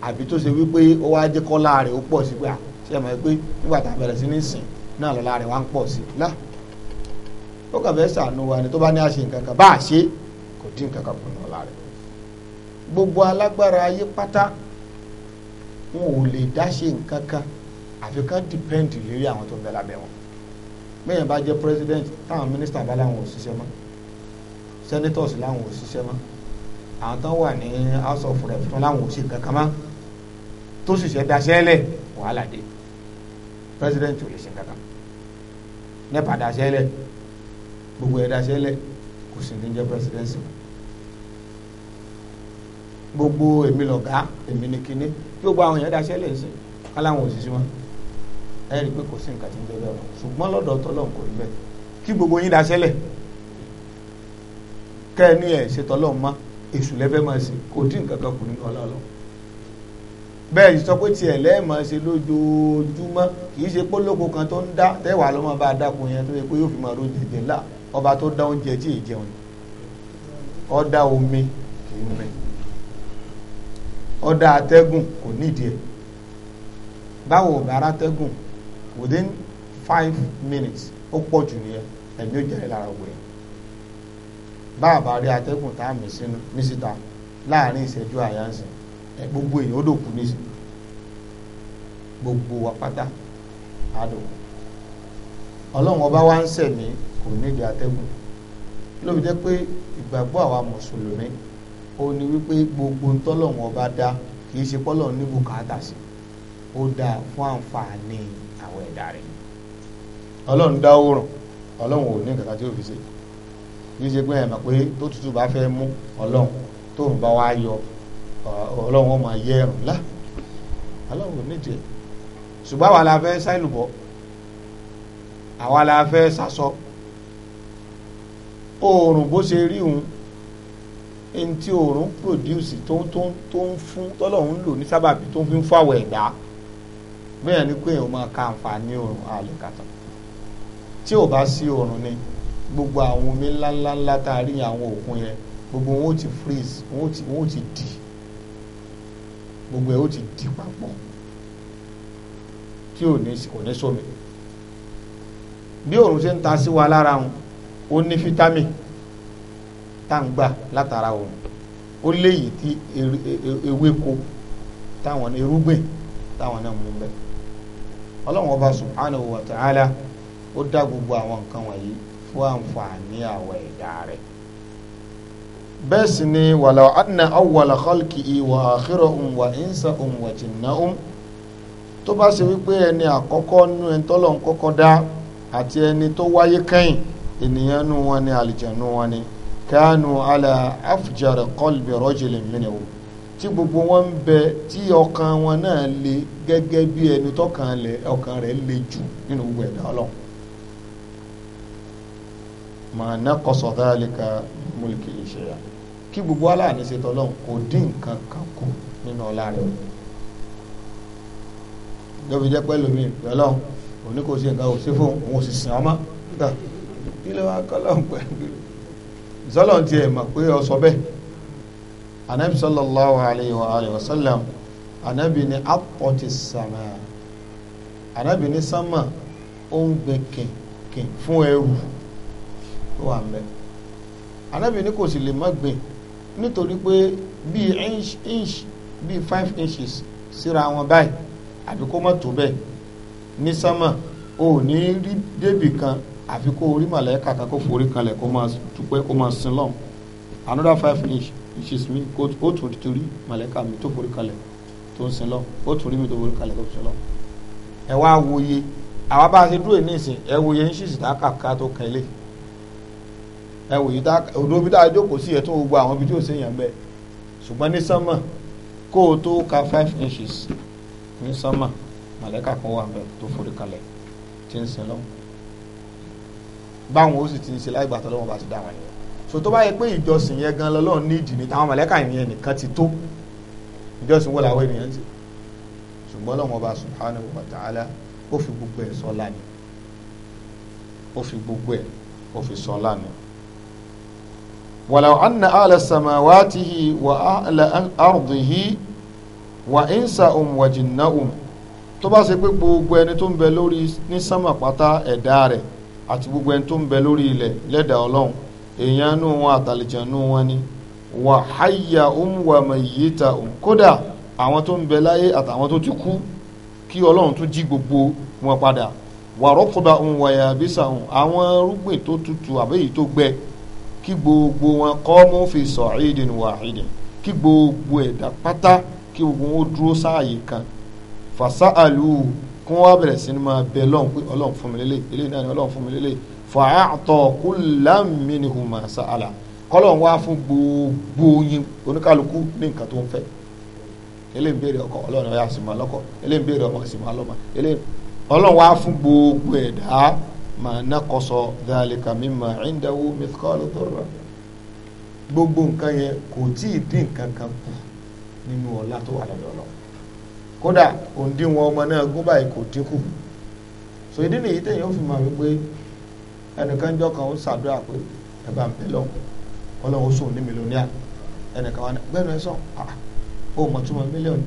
àbí tó ṣe wípé ó wá jẹ́ kọ́lá ó pọ̀ sí pé àṣẹ mọ̀ pé nígbà tá a bẹ̀rẹ̀ sí ní sìn náà lọ́lá rẹ̀ wá ń pọ̀ sí láà ó kàn fẹ́ sànú wa ni tó bá ní àṣe nǹkan kan bá a ṣe kò dín nǹkan kan kùnà ọ̀la rẹ̀ gbogbo alágbára ayé pátá wọn ò lè dá nǹkan kan àfi dìpẹ́ǹdì lórí àwọn tó ń bẹ lábẹ́ wọn mẹ́yìn bá jẹ́ president táwọn mínísítà bá láwọn ò ṣiṣẹ́ mọ́ senators láwọn ò ṣiṣẹ́ mọ́ àwọn tán wà ní house of rep tán láwọn ò ṣe nǹkan kan mọ́ tó sì daṣẹ́ lẹ̀ wàhálà dé president ò lè ṣe nǹkan kan nípa daṣẹ́ lẹ̀ gbogbo ẹ̀dá sẹ́lẹ̀ kò sì ní jẹ́ presidency gbogbo èmi lọ̀gá èmi ni kinní gbogbo àwọn èèyàn dá sẹ́lẹ̀ sí káláwọn òṣìṣẹ́ wọn ẹ rí i pé kò sí nǹkan tí ń jẹ bẹ́ẹ̀ o ṣùgbọ́n lọ́dọ̀ tọ́lọ̀ kò rí bẹ́ẹ̀ kí gbogbo yín dá sẹ́lẹ̀ kẹ́ẹ̀ni ẹ̀ ṣètọ́lọ̀ mọ́ èṣù lẹ́fẹ́ máa ṣe kò dín nǹkan kan kù nínú ọlọ́ọ̀lọ́ bẹ́ẹ̀ sọ pé tiẹ̀ lẹ́ẹ̀mọ́ ṣe lójoojúmọ́ kì í ṣe pólóko kan tó ń dá tẹ́wàá lọ́mọ bá a dákun yẹn tó yẹ pé yóò fi máa ro láà ọba tó dá oúnjẹ tí èyí jẹun ó dá omi kì í mi ó dá atẹ́gùn kò nídìí ẹ̀ báwo bàrà atẹ́gùn within five minutes ó pọ̀ jù nìyẹn ẹ̀mí ó jẹ́rìí lára òwe báàbá rí atẹ́gùn tá a mì sínú ní síta láàrin ìṣẹ́jú àyà ń sìn gbogbo èèyàn ó dòkú ní gbogbo wa pátá àdòkú ọlọ́run ọba wa ń sẹ̀mí kò nídìí atẹ́gùn ló fi jẹ́ pé ìgbàgbọ́ àwa mùsùlùmí ó ní wípé gbogbo ntọ́lọ́wọ́n bá dá kì í ṣe pọ́lọ́ ní bùkátà sí ó dáa fún àǹfààní àwọn ẹ̀dá rẹ̀ ọlọ́run dá oòrùn ọlọ́run ò ní nǹkan kan tí ó fi ṣe kì í ṣe pé ẹ̀mọ̀ pé tó tutù bá fẹ́ mú ọlọ́run tóun bá wá yọ ọlọ́run ó máa ẹ̀rùn lá ọlọ́run ò nídìí ṣùgbọ́n àwa la fẹ́ sáìlùbọ́ àwa la fẹ́ sásọ oòrùn bó ṣe rí òun ẹni tí oòrùn produce tó ń tó ń tó ń fún tọ́lọ́hún lò ní sábàbí tó ń fi ń fún àwọ̀ ẹ̀dá bẹ́ẹ̀ ni pé èèyàn máa ka àǹfààní oòrùn àlè kàtà tí ò bá sí oòrùn ni gbogbo àwọn omi ńláńláńlá tá a rí àwọn òkun yẹn gbogbo wọn ó ti freeze wọn ó ti wọn ó ti dì gbogbo ẹ ó ti dì papọ̀ tí ò ní kò ní sómi bí oòrùn ṣe ń ta sí wa lára wọn ó ní fítámì tá ń gbà látara òun ó léyìí tí e, ewéko táwọn irúgbìn táwọn náà mú bẹ ọlọ́run ọba subhanahu wa ta'ala ó dá gbogbo àwọn nǹkan wọ̀nyí fún àǹfààní àwọ̀ ẹ̀dá rẹ̀ bẹ́ẹ̀ sì ni wàlá adna awwala khalqihi wa akhirahum wa insahum wa jinnahum tó bá ṣe wípé ẹni àkọ́kọ́ nú ẹni tọ́lọ́run kọ́kọ́ dá àti ẹni tó wáyé kẹ́yìn ènìyàn nu wọn ni àlìjẹ̀nu wọn ni kánú ala afjara qalbi rajulin minhu tí gbogbo wọn ń bẹ tí ọkàn wọn náà le gẹ́gẹ́ bí ẹni tọ́kàn lẹ ọkàn rẹ̀ le jù nínú gbogbo ẹ̀dá ọlọ́run màá ná kọsọ̀ dhalika múlìkì ìṣẹ̀yà kí gbogbo aláàánú ṣe tọ́lọ́run kò dín nǹkan kan kù nínú ọlá rẹ̀ lọ́bi jẹ́ lómi ìpẹ́lọ́run òní kò ṣe nǹkan ò sí fún òun ò sì sìn ọmọ nígbà kí ló wá kọ́lọ̀ pẹ̀lú sọ́lọ̀ ti ẹ̀ mọ̀ pé ó sọ bẹ́ẹ̀ anabi sallallahu alayhi wa alayhi wa sallam anabi ni apọ̀tì sàmà anabi ni sánmà ó ń gbẹ kìnkìn fún ẹrù tó wà mẹ́ anabi ni kò sì lè má gbìn nítorí pé bíi inch inch bíi five inches síra wọn báyìí àbí kó tó bẹ́ẹ̀ ní sánmà ò ní rí débì kan àfi kó orí màlẹ́kà kan kó forí kanlẹ̀ kó máa dúpẹ́ kó máa sin lọ́n another five minutes ìṣesí mi ó tún torí màlẹ́kà mi tó forí kanlẹ̀ tó ń sin lọ́n ó tún rí mi tó forí kanlẹ̀ tó ń sin lọ́n ẹ wá wòye àwa bá a ṣe dúró ní ìsìn ẹ wòye ń ṣìṣì dáka ká tó kàn lé ẹ wòye dáka odò bí dáa jókòó sí ẹ tún gbogbo àwọn ibi tí ò séèyàn bẹ́ẹ̀ ṣùgbọ́n ní sánmà kó o tó ka five inches ní sánmà màlẹ́kà kan wà bẹ́ẹ̀ tó forí kanlẹ̀ tí ń sin lọ́wọ́ báwọn ó sì ti ń ṣe láì gbàtọ́ lọ́wọ́ bá ti dá wọn yẹn so tó bá yẹ pé ìjọsìn yẹn gan lọ́lọ́run ní ìdí ni táwọn mọ̀lẹ́kà yẹn nìkan ti tó ìjọsìn wọ́n làwọn ènìyàn ti ṣùgbọ́n lọ́wọ́ bá subhanahu wa ta'ala ó fi gbogbo ẹ̀ sọ lánìí ó fi gbogbo ẹ̀ ó fi sọ lánìí. walau anna ala samawatihi wa ala ardihi wa insa um wa jinna um tó bá ṣe pé gbogbo ẹni tó ń bẹ lórí ní sánmà pátá ẹ̀dá rẹ̀ àti gbogbo ẹni tó ń bẹ lórí ilẹ̀ lẹ́dàá ọlọ́run èèyàn nù wọn àtàlìjànú wọn ni wà háyà òun wà mẹ̀yìíta òun kódà àwọn tó ń bẹ láyé àtàwọn tó ti kú kí ọlọ́run tó jí gbogbo wọn padà wà rọ́kọ̀dà òun wà yàbísà òun àwọn rúgbìn tó tutù àbẹ́yìí tó gbẹ kí gbogbo wọn kọ́ mú fi sọ̀ ìdìn wà ìdìn kí gbogbo ẹ̀dá pátá kí gbogbo wọn dúró sáàyè kan fàṣà àlùú kún wá bẹ̀rẹ̀ sí ni máa bẹ lọ́hùn pé ọlọ́hùn fún mi lélẹ̀ eléyìí náà ni ọlọ́hùn fún mi lélẹ̀ fàáàtọ̀ kullam minhuma sa'ala kọ́lọ́hùn wá fún gbogbo yín oníkálukú ní nǹkan tó ń fẹ́ eléyìí ń béèrè ọkọ ọlọ́hùn ọ̀yà sì máa lọ́kọ eléyìí ń béèrè ọmọ sì máa lọ́mọ eléyìí ọlọ́hùn wá fún gbogbo ẹ̀dá máa naqasa dhalika mimma indahu mithqalu dhurra gbogbo nǹkan yẹn kò tíì dín nǹkan kan kù nínú ọlá tó wà lọ́dọ̀ ọlọ́hùn kódà òǹdíwọ̀n ọmọ náà gún báyìí kò dínkù so ìdí nìyí tẹ̀yìn ó fi mọ̀ wípé ẹnìkan jọ kan ó ṣàdúrà pé ẹ bá ń bẹ lọ́wọ́ ọlọ́run ó sùn ní mílíọ̀nìyà ẹnìkan wà ní gbẹ́nu ẹ sọ ó ah, mọ̀ tó mọ̀ mílíọ̀nù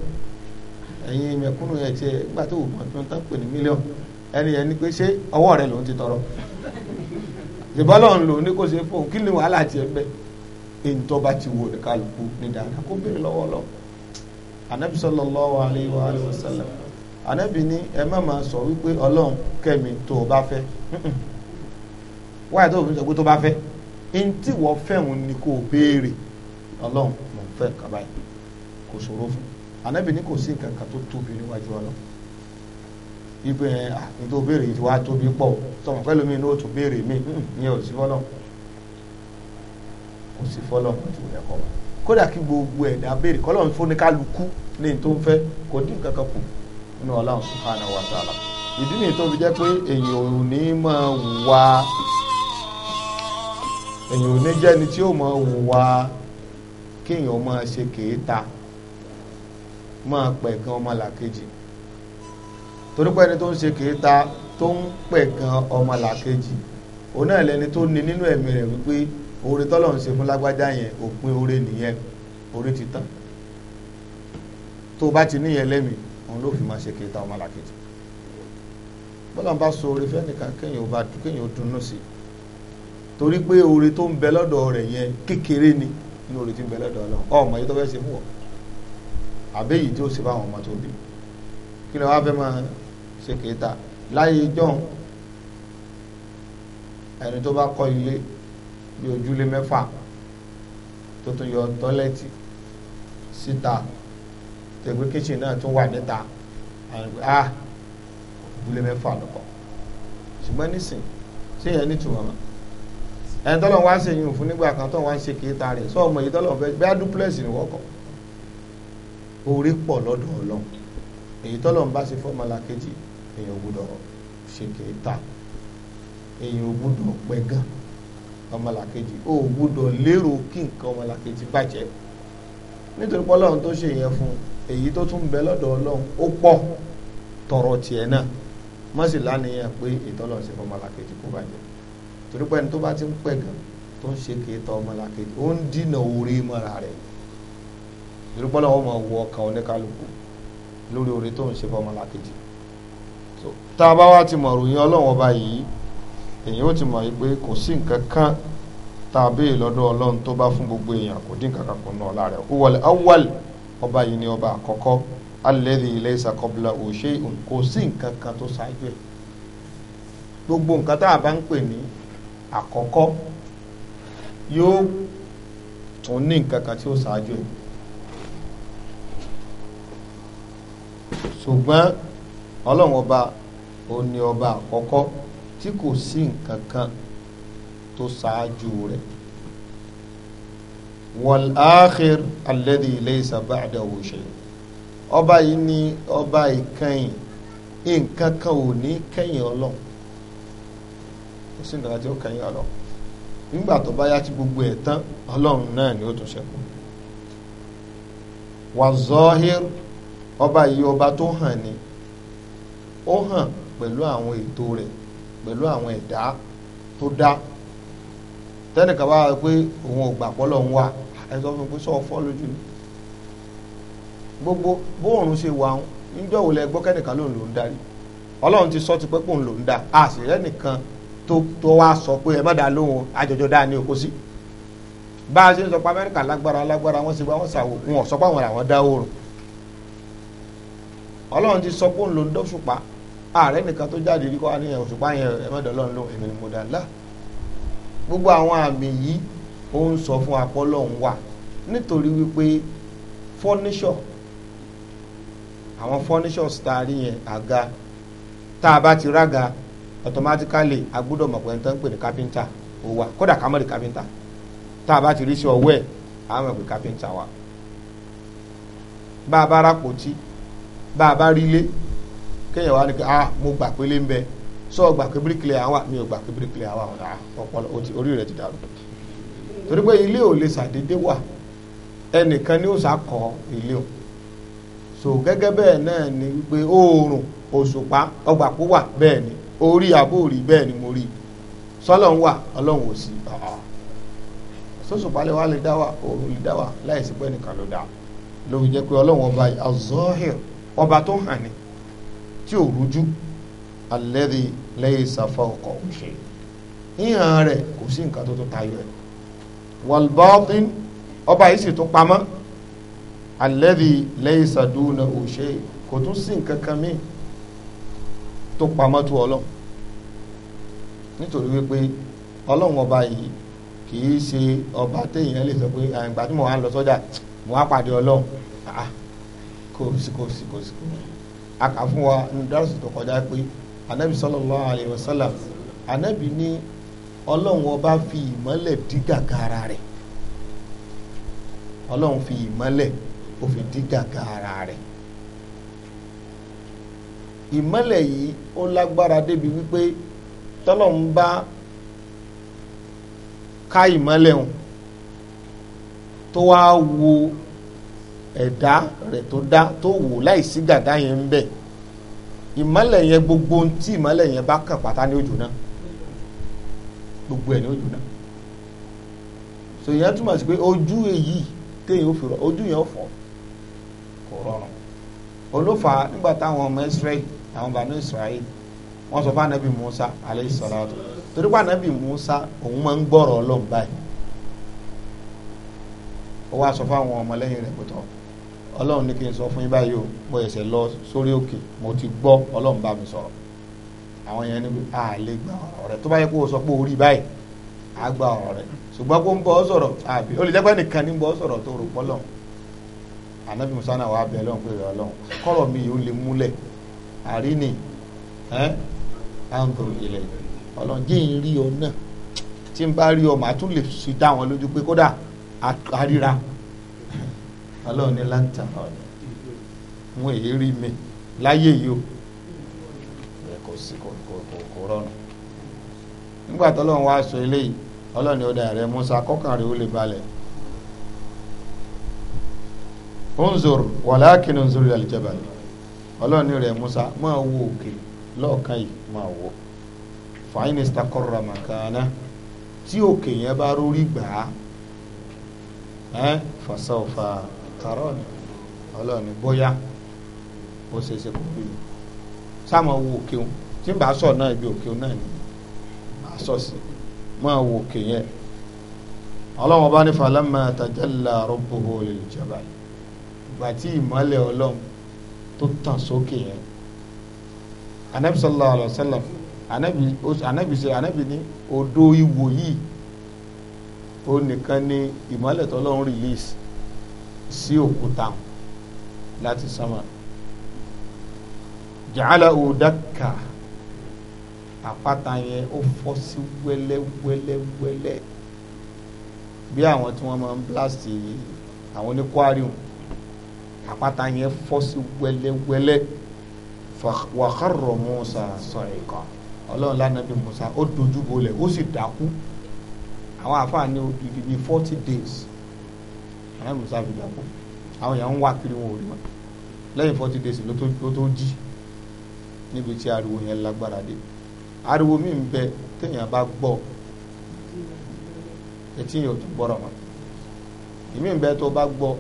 ẹ̀yin mẹ̀kúnnù yẹn tiẹ̀ gbà tó mọ̀ tó ń tán pè ní mílíọ̀nù ẹni yẹn ni pé ṣé ọwọ́ rẹ lòún ti tọrọ ìbọn lọ́run lòún ní kó ni wàhálà tiẹ̀ bẹ́ẹ̀ èyí tó bá ti wò ní kálukú ní anabi sallallahu alayhi wa alayhi wa sallam anabi ni ẹ má máa sọ wípé ọlọ́run kẹ́mi tó o bá fẹ́ wáyà tó o fi sọ pé tó o bá fẹ́ ẹni tí wọ́n fẹ́hùn ni kò béèrè ọlọ́run mò ń fẹ́ kaba yìí kò ṣòro fún anabi ni kò sí nǹkan kan tó tóbi níwájú ọlọ́run ibẹ̀ àti tó béèrè yìí wá tóbi pọ̀ sọmọ pẹ́ lómi ní o tó béèrè mi hmm, ìyẹn ò sí fọlọ́ kò sí fọlọ́ kò sí ẹ̀kọ́ wa kódà kí gbogbo ẹ̀dá béèrè kọ́lọ́run fún ní kálukú ní tó ń fẹ́ kò dín kankan kù nínú Ọlọ́run subhanahu wa ta'ala ìdí nìyí tó fi jẹ́ pé èyàn ò ní máa wà èyàn ò ní jẹ́ ni tí ó máa wà kéèyàn máa ṣe kéèta máa pẹ̀ gan ọmọlàkejì torí pé ẹni tó ń ṣe kéèta tó ń pẹ̀ gan ọmọlàkejì òun náà lẹni tó ní nínú ẹ̀mí rẹ̀ wípé oore tọ́lọ́run ṣe fún lágbájá yẹn òpin oore nìyẹn oore ti tán tó o bá ti níyẹn lẹ́mìí òun ló fi máa ṣe kéta ọmọ làkejì bọ́lá ń bá so oore fẹ́nìkan kéèyàn ò bá kéèyàn ò dunnú sí i torí pé oore tó ń bẹ lọ́dọ̀ rẹ̀ yẹn kékeré ni ní oore tí ń bẹ lọ́dọ̀ ọlọ́run ọmọ yìí tó fẹ́ ṣe fún ọ àbẹ́yìí tí ó ṣe fáwọn ọmọ tó bí kí ni wọ́n á fẹ́ máa ṣe kéta láyé ìjọ́un ẹni tó bá kọ́ ilé bí ojúlé mẹ́fà tó tún yọ tọ́lẹ́tì síta tẹ̀gbẹ́ kíchìn náà tún wà níta à ah, ojúlé mẹ́fà lọ́kọ̀ ṣùgbọ́n nísìn ṣé yẹn ní tùmọ̀ mọ́ ẹni tọ́lọ̀ wá ṣe yìí fún nígbà kan tó wá ń ṣe kéta rẹ̀ sọ ọmọ yìí tọ́lọ̀ fẹ́ bí adúpẹ́lẹ̀sì ni wọ́kọ̀ orí pọ̀ lọ́dọ̀ ọlọ́run èyí tọ́lọ̀ ń bá ṣe fọ́mọlá kejì èèyàn ò gbúdọ̀ ṣe kéta èèyàn ò gbúdọ̀ pẹ́ gan-an ọmọlàkejì o gbúdọ̀ lérò kí nǹkan ọmọlàkejì bàjẹ́ nítorí pé ọlọ́run tó ṣe yẹn fún èyí tó tún bẹ lọ́dọ̀ ọlọ́run ó pọ̀ tọrọ tiẹ̀ náà mọ́sí lánìyàn pé ìtọ́lọ̀ ṣe ọmọlàkejì kó bàjẹ́ torí pé ẹni tó bá ti ń pẹ̀ gan tó ń ṣe kéétọ́ ọmọlàkejì ó ń dínà orí mọ́ra rẹ̀ torí pé ọlọ́run máa wọ ọkàn oníkálukú lórí orí tó ń ṣe fọmọlàkejì tá a bá wá ti mọ̀ ọlọ́run ọba yìí èyàn ó ti mọ̀ pé kò sí nǹkan kan tá lọ́dọ̀ ọlọ́run tó bá fún gbogbo èèyàn kò dín kankan kò náà lára ó wọlé awal ọba yìí ni ọba àkọ́kọ́ alẹ́dì ilẹ̀ ìsàkọ́bùlà òṣè kò sí nǹkan kan tó ṣáájú ẹ̀ gbogbo nǹkan tá a bá ń pè ní àkọ́kọ́ yóò tún ní nǹkan kan tí ó ṣáájú ẹ̀ ṣùgbọ́n ọlọ́run ọba òun ní ọba àkọ́kọ́. tí kò sí nǹkan kan tó ṣáájú rẹ̀ wal akhir alladhi laysa ba'dahu shay ọba yìí ni ọba ìkẹyìn nǹkan kan ò ní kẹyìn ọlọ́run ó sì nǹkan tí ó kẹyìn ọlọ́run nígbà tó bá yá tí gbogbo ẹ̀ tán ọlọ́run náà ni ó tún ṣẹ́kù wà zọ́hír ọba yìí ọba tó hàn ni ó hàn pẹ̀lú àwọn ètò rẹ̀ pẹ̀lú àwọn ẹ̀dá tó dá tẹ́nìkan bá wà pé òun ò gbà ń wà ẹ fún pé sọ fọ́ lójú ni gbogbo bóòrùn ṣe wà níjọ́ wo lẹ gbọ́ kẹ́nìkan lòun ló ń darí ọlọ́run ti sọ ti pé pòun ló ń da àṣìrẹ́ nìkan tó tó wá sọ pé ẹ má dá lóhùn àjọjọ dá ní oko sí bá a ṣe ń sọ pé amẹ́ríkà lágbára lágbára wọ́n ṣe wá wọ́n ṣàwò wọn ò sọ pé àwọn làwọn dá oòrùn ọlọ́run ti sọ pé òun ló ń dọ́ṣùpá ààrẹ nìkan tó jáde rí kọ́ wa ní òṣùpá yẹn ẹ mọ̀dọ̀ ọlọ́run lóhùn èmi ni mo dá lá gbogbo àwọn àmì yìí ó ń sọ fún apọ́lọ́ ń wà nítorí wípé fọ́níṣọ̀ àwọn fọ́níṣọ̀ starí yẹn àga tá a bá ti rága automatically a gbọ́dọ̀ mọ̀ pé ẹni tó ń pè ní kápẹ́ńtà ó wà kódà ká mọ̀ ní kápẹ́ńtà tá a bá ti rí sí ọwọ́ ẹ̀ a mọ̀ pé kápẹ́ńtà wà bá a bá rákòtí bá a bá rí ilé kéèyàn wá ní kí ah mo gbà pé lé ń bẹ sọ gbà pé bíríkìlẹ̀ àwọn mi ò gbà pé orí rẹ̀ ti dàrú torí pé ilé ò lè ṣàdédé wà ẹnìkan ni ó ṣàkọ ilé o so gẹ́gẹ́ bẹ́ẹ̀ náà ni wípé oòrùn òṣùpá ọgbà kó ni orí àbó rí ni mo rí wà ọlọ́run ò sí sọ́sùpá lè wá lè dá wà oòrùn lè dá wà ọba azọ́hìr ọba tí ò rújú alẹ́dí lẹ́yìn ìsàfọ́ ọkọ̀ òṣè ìhàn rẹ̀ kò sí nǹkan tó tó tayọ ẹ̀ wàlbọ́tín ọba yìí sì tún pamọ́ alẹ́dí lẹ́yìn ìsàdúnà òṣè kò tún sí nǹkan kan míì tó pamọ́ tó ọlọ́run nítorí wípé ọlọ́run ọba yìí kì í ṣe ọba téèyàn lè sọ pé àyìnbá tí mo wà ń lọ sọ́jà mo wá pàdé ọlọ́run ah, ah, kò sí kò sí kò sí kò sí aka fún wa ndarasi tó kọjá pé anabi sallallahu alayhi wa sallam anabi ní ọlọ́run ọba fi ìmọ́lẹ̀ dí gàgàrà rẹ̀ ọlọ́run fi ìmọ́lẹ̀ ó fi dí gàgàrà rẹ̀ ìmọ́lẹ̀ yìí ó lágbára débi wípé tọ́lọ́run bá ká ìmọ́lẹ̀ hùn tó wá wo ẹ̀dá rẹ̀ tó dá tó wò láìsí gàgá yẹn ń bẹ ìmọ́lẹ̀ yẹn gbogbo ohun tí yẹn bá kàn pátá ní òjò náà gbogbo ẹ̀ ní òjò náà so ìyẹn túmọ̀ sí pé ojú èyí téèyàn ò fi rọ ojú yẹn ò fọ kò rọrùn olófà nígbà táwọn ọmọ Israel àwọn bàánú Israel wọ́n sọ fún anabi Musa alayhi salatu torí pé anabi Musa òun máa ń gbọ́rọ̀ Ọlọ́run báyìí ó wá sọ fún àwọn ọmọlẹ́yìn rẹ̀ pé ọlọ́run ní kí n sọ fún yín báyìí o mo ẹ̀sẹ̀ lọ sórí òkè mo ti gbọ́ ọlọ́run bá mi sọ̀rọ̀ àwọn yẹn ní a lè gba ọ̀rọ̀ rẹ tó bá yẹ kó o sọ pé o rí báyìí a gba ọ̀rọ̀ rẹ ṣùgbọ́n kó ń bọ́ sọ̀rọ̀ àbí olùdẹ́gbẹ́ nìkan ní bọ́ sọ̀rọ̀ tó rò pọ́lọ́n anabi musa náà wà bẹ̀ lọ́n pé rẹ̀ ọlọ́run kọ́rọ̀ mi yóò lè múlẹ̀ àríní ẹ́ àǹtòrò ilẹ̀ ọlọ́run jẹ́ ìrí ọlọ́run ní lantern ọ̀rẹ́ wọn èyí mi láyé yìí o kò sí kò kò rọrùn nígbà tọ́lọ́run wá sọ eléyìí ọlọ́run ní ó dá Musa kọ́kàn rẹ̀ ó lè balẹ̀ ọlọ́run ní Musa máa wo òkè lọ́ọ̀kan yìí máa tí òkè yẹn bá gbà á tààrọ ni ọlọ́ọ̀ni bóyá ó ṣe é ṣe kó bí mi sáàmù wo òkè òun tí n bá sọ náà ibi òkè òun náà ni màá sọ sí máa wo òkè yẹn ọlọ́wọ́n bá ní falamma tajalla rabbuhu lil jabal ìgbà tí ìmọ̀lẹ̀ ọlọ́run tó tàn sókè yẹn anabi sallallahu alayhi anabi ṣe anabi ní odò ìwò yìí ó nìkan ní ìmọ̀lẹ̀ tọ́lọ́run release sí òkúta láti sánmà jàálà òdàkà àpáta yẹn ó fọ́ sí wẹ́lẹ́wẹ́lẹ́wẹ́lẹ́ bí àwọn tí wọ́n máa ń blast àwọn ní kwarium àpáta yẹn fọ́ sí wẹ́lẹ́wẹ́lẹ́ wàhárọ̀ Musa sọ̀rìkọ́ ọlọ́run lánàbí Musa ó dojú bolẹ̀ ó sì dákú àwọn àfáà ní forty days anabi musa fi gbà kú àwọn èèyàn ń wá kiri wọn ò rí wọn lẹ́yìn forty days ló tó jí níbi tí ariwo yẹn lágbára dé ariwo mi ń bẹ téèyàn bá gbọ́ etí yẹn ò tún gbọ́rọ̀ mọ́ ìmí ń bẹ tó bá gbọ́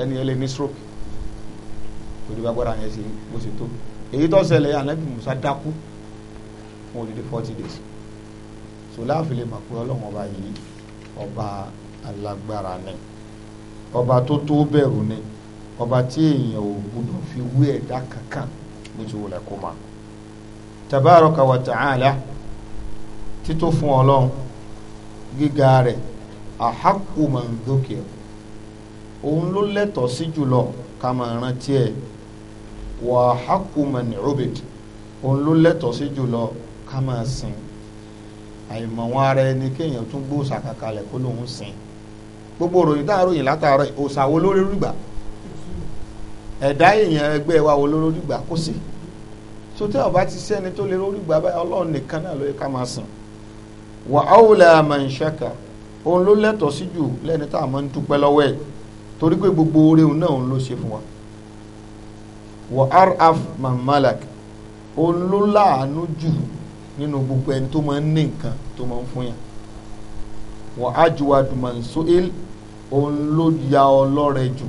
ẹni ẹ lè ní stroke òdi bá gbọ́dọ̀ àyẹ̀sí bó ṣe tó èyí tó ṣẹlẹ̀ anabi musa dákú wọn ò forty days so láàfin lè mọ̀ pé ọlọ́run ọba yìí ọba alágbára náà ọba tó tó bẹ̀rù ni ọba tí èèyàn ò gbúdọ̀ fi wé ẹ̀dá kankan bó ti wùlẹ̀ kó ma tabaraka wa ta'ala tító fún ọlọ́run gíga rẹ̀ àhákù máa ń dókè òun ló lẹ́tọ̀ọ́ sí jùlọ ká máa rántí ẹ̀ wà àhákù máa ní òun ló lẹ́tọ̀ọ́ sí jùlọ ká máa sìn àìmọ̀ ara ẹni kéèyàn tún gbó sàkàkalẹ̀ kó lóun sìn gbogbo òròyìn tá a ròyìn látàárọ̀ òòsà wo lórí rúgbà ẹ̀dá èèyàn ẹgbẹ́ wa wo lórí rúgbà kò sí tó tẹ́ ọba ti sẹ́ni tó lè rórí gbà báyìí ọlọ́run nìkan náà ló yẹ ká máa sàn wà á wò lè àmà ìṣàkà òun ló lẹ́tọ̀ọ́ sí jù lẹ́ni tá a máa ń dúpẹ́ lọ́wọ́ ẹ̀ torí pé gbogbo oore òun náà òun ló ṣe fún wa wà á raf mamalak òun ló láàánú jù nínú gbogbo ẹni tó máa ń ní nǹkan tó máa ń fún yàn wà á juwa dùmọ̀ nsọ́ẹ́lì òun ló ya ọlọ́rẹ jù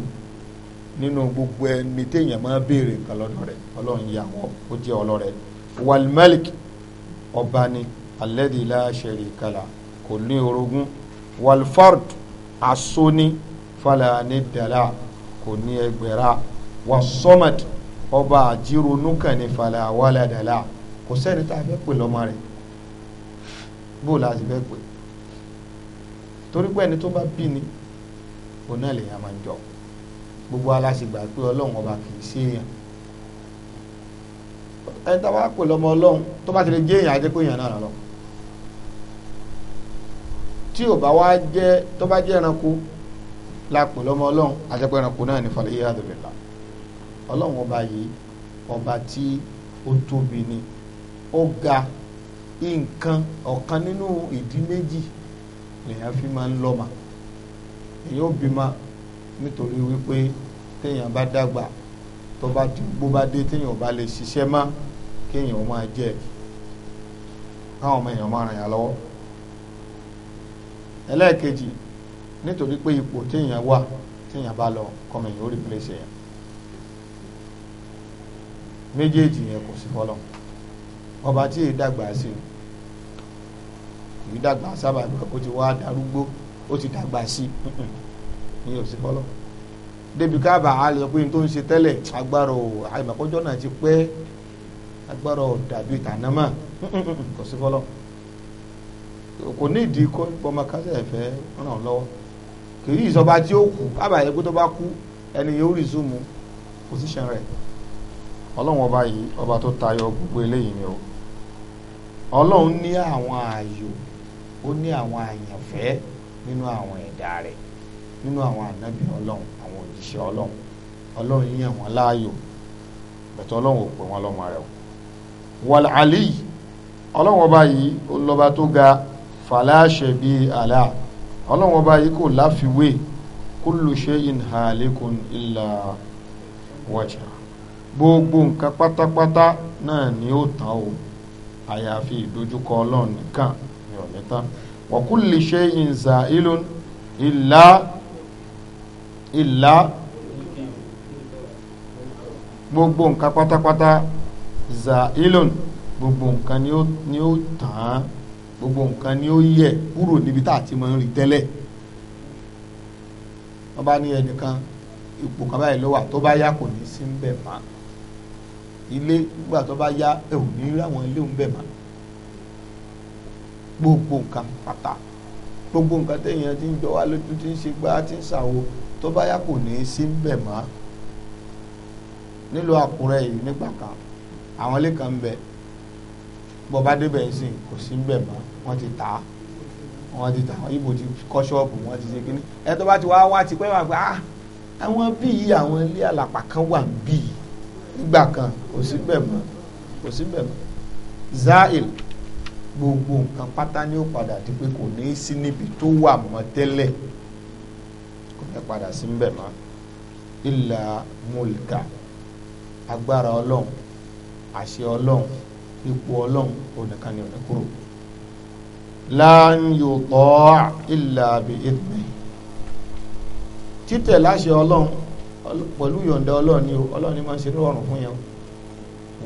nínú gbogbo ẹni téèyàn máa béèrè nǹkan lọ́dọ̀ rẹ̀ ọlọ́run ya wọ́n ó jẹ́ ọlọ́rẹ walmalik ọba ni alẹ́dì la sharika la kò ní orogún walfard asoni falani dala kò ní ẹgbẹ̀ra wasomad ọba ni ní falawala dala kò sẹ́ni tá a fẹ́ pè lọ́mọ rẹ̀ bó la ti fẹ́ pè torí pé ẹni tó bá bí ni òun náà lèèyàn máa ń jọ gbogbo aláṣìgbà pé ọlọ́run ọba kì í ṣe èèyàn ẹni tá a wá pè lọ́mọ ọlọ́run tó bá ti lè jẹ́ èèyàn á jẹ́ pé èèyàn náà lọ tí ò bá wá jẹ́ tó bá jẹ́ ẹranko la pè lọ́mọ ọlọ́run á pé ẹranko náà ní falẹ̀ yíyá tó lè la ọlọ́run ọba yìí ọba tí ó tóbi ni ó ga nǹkan ọ̀kan nínú ìdí méjì lèèyàn fi máa ń lọ́mọ èyí ò bímọ nítorí wípé téèyàn bá dàgbà tó bá di gbó bá dé téèyàn bá lè ṣiṣẹ́ mọ́ kéèyàn ó máa jẹ káwọn ọmọ èèyàn máa ràn yàn lọ́wọ́ ẹlẹ́ẹ̀kejì nítorí pé ipò téèyàn wà téèyàn bá lọ kọ́mọ èèyàn ó rí pèsè yẹn méjèèjì yẹn kò sí fọlọ́ ọba tí èyí dàgbà sí i èyí dàgbà sábà pé ti wá darúgbó ó ti dàgbà sí ní òsì fọlọ́ débi káàbà á lè pé n tó ń ṣe tẹ́lẹ̀ agbára ò àìmọ̀kọ́jọ́ náà ti pẹ́ agbára o dàbí tànámà kò sí fọlọ́ kò ní ìdí kọ́ ọmọ kásẹ̀ ẹ̀fẹ́ ràn lọ́wọ́ kì í ìsọba tí ó kú káàbà yẹ kó tó bá kú ẹni yóò rí position ọba yìí ọba tó gbogbo eléyìí ni o ọlọ́run ní àwọn ààyò ó ní àwọn àyànfẹ́ nínú àwọn ẹ̀dá rẹ̀ nínú àwọn ànábì ọlọ́run àwọn òjíṣẹ́ ọlọ́run ọlọ́run yíyàn wọn láàyò bẹ̀tẹ̀ ọlọ́run ò pè wọn lọ́mọ rẹ̀ o wal ali ọlọ́run ọba yìí olọba tó ga fàlàṣẹ bíi àlà ọlọ́run ọba yìí kò láfiwé kullu shay'in halikun illa wajha gbogbo nǹkan pátápátá náà ni ó tán o àyàfi ìdojúkọ ọlọ́run nìkan ni ò wa kulli shay'in sa'ilun illa illa gbogbo nǹkan pátápátá za'ilun gbogbo nǹkan ni ó tàn án gbogbo nǹkan ni ó yẹ kúrò níbi tá a ti máa ń rí tẹ́lẹ̀ wọ́n bá ní kan báyìí ló wà tó bá yá kò ní sí ń bẹ̀ mọ́ ilé nígbà tó bá yá ẹ ò ní rí ilé ń bẹ̀ mọ́ gbogbo nǹkan pátá gbogbo nǹkan téèyàn ti ń jọ wá lójú tí ń ṣe gbá tí ń ṣàwo tó bá yá kò ní í sí ń bẹ̀ mọ́ nílùú Àkúrẹ́ yìí nígbà kan àwọn ilé kan ń bẹ bọba débẹ̀ ń sìn kò sí ń bẹ̀ mọ́ wọ́n ti tà á wọ́n ti tà àwọn ibo ti kọ́ ṣọ́ọ̀bù wọ́n ti ṣe kínní ẹ tó bá ti wá wá ti pẹ́ wá pé ah àwọn bíi àwọn ilé àlàpà kan wà bíi nígbà kan kò sí bẹ̀ mọ́ kò sí bẹ̀ mọ́ zail gbogbo nǹkan pátá ni ó padà di pé kò ní í sí níbi tó wà mọ́ tẹ́lẹ̀ kò ní padà sí ń bẹ̀ mọ́ ìlà mọ̀lìkà agbára ọlọ́run àṣẹ ọlọ́run ipò ọlọ́run onìkan ni òníkúrò láàyòtọ́ ìlà àbí ìdìbò títẹ̀ láṣẹ ọlọ́run pẹ̀lú yọ̀ǹda ọlọ́run ni ọlọ́run ni máa ń ṣe rọrùn fún yẹn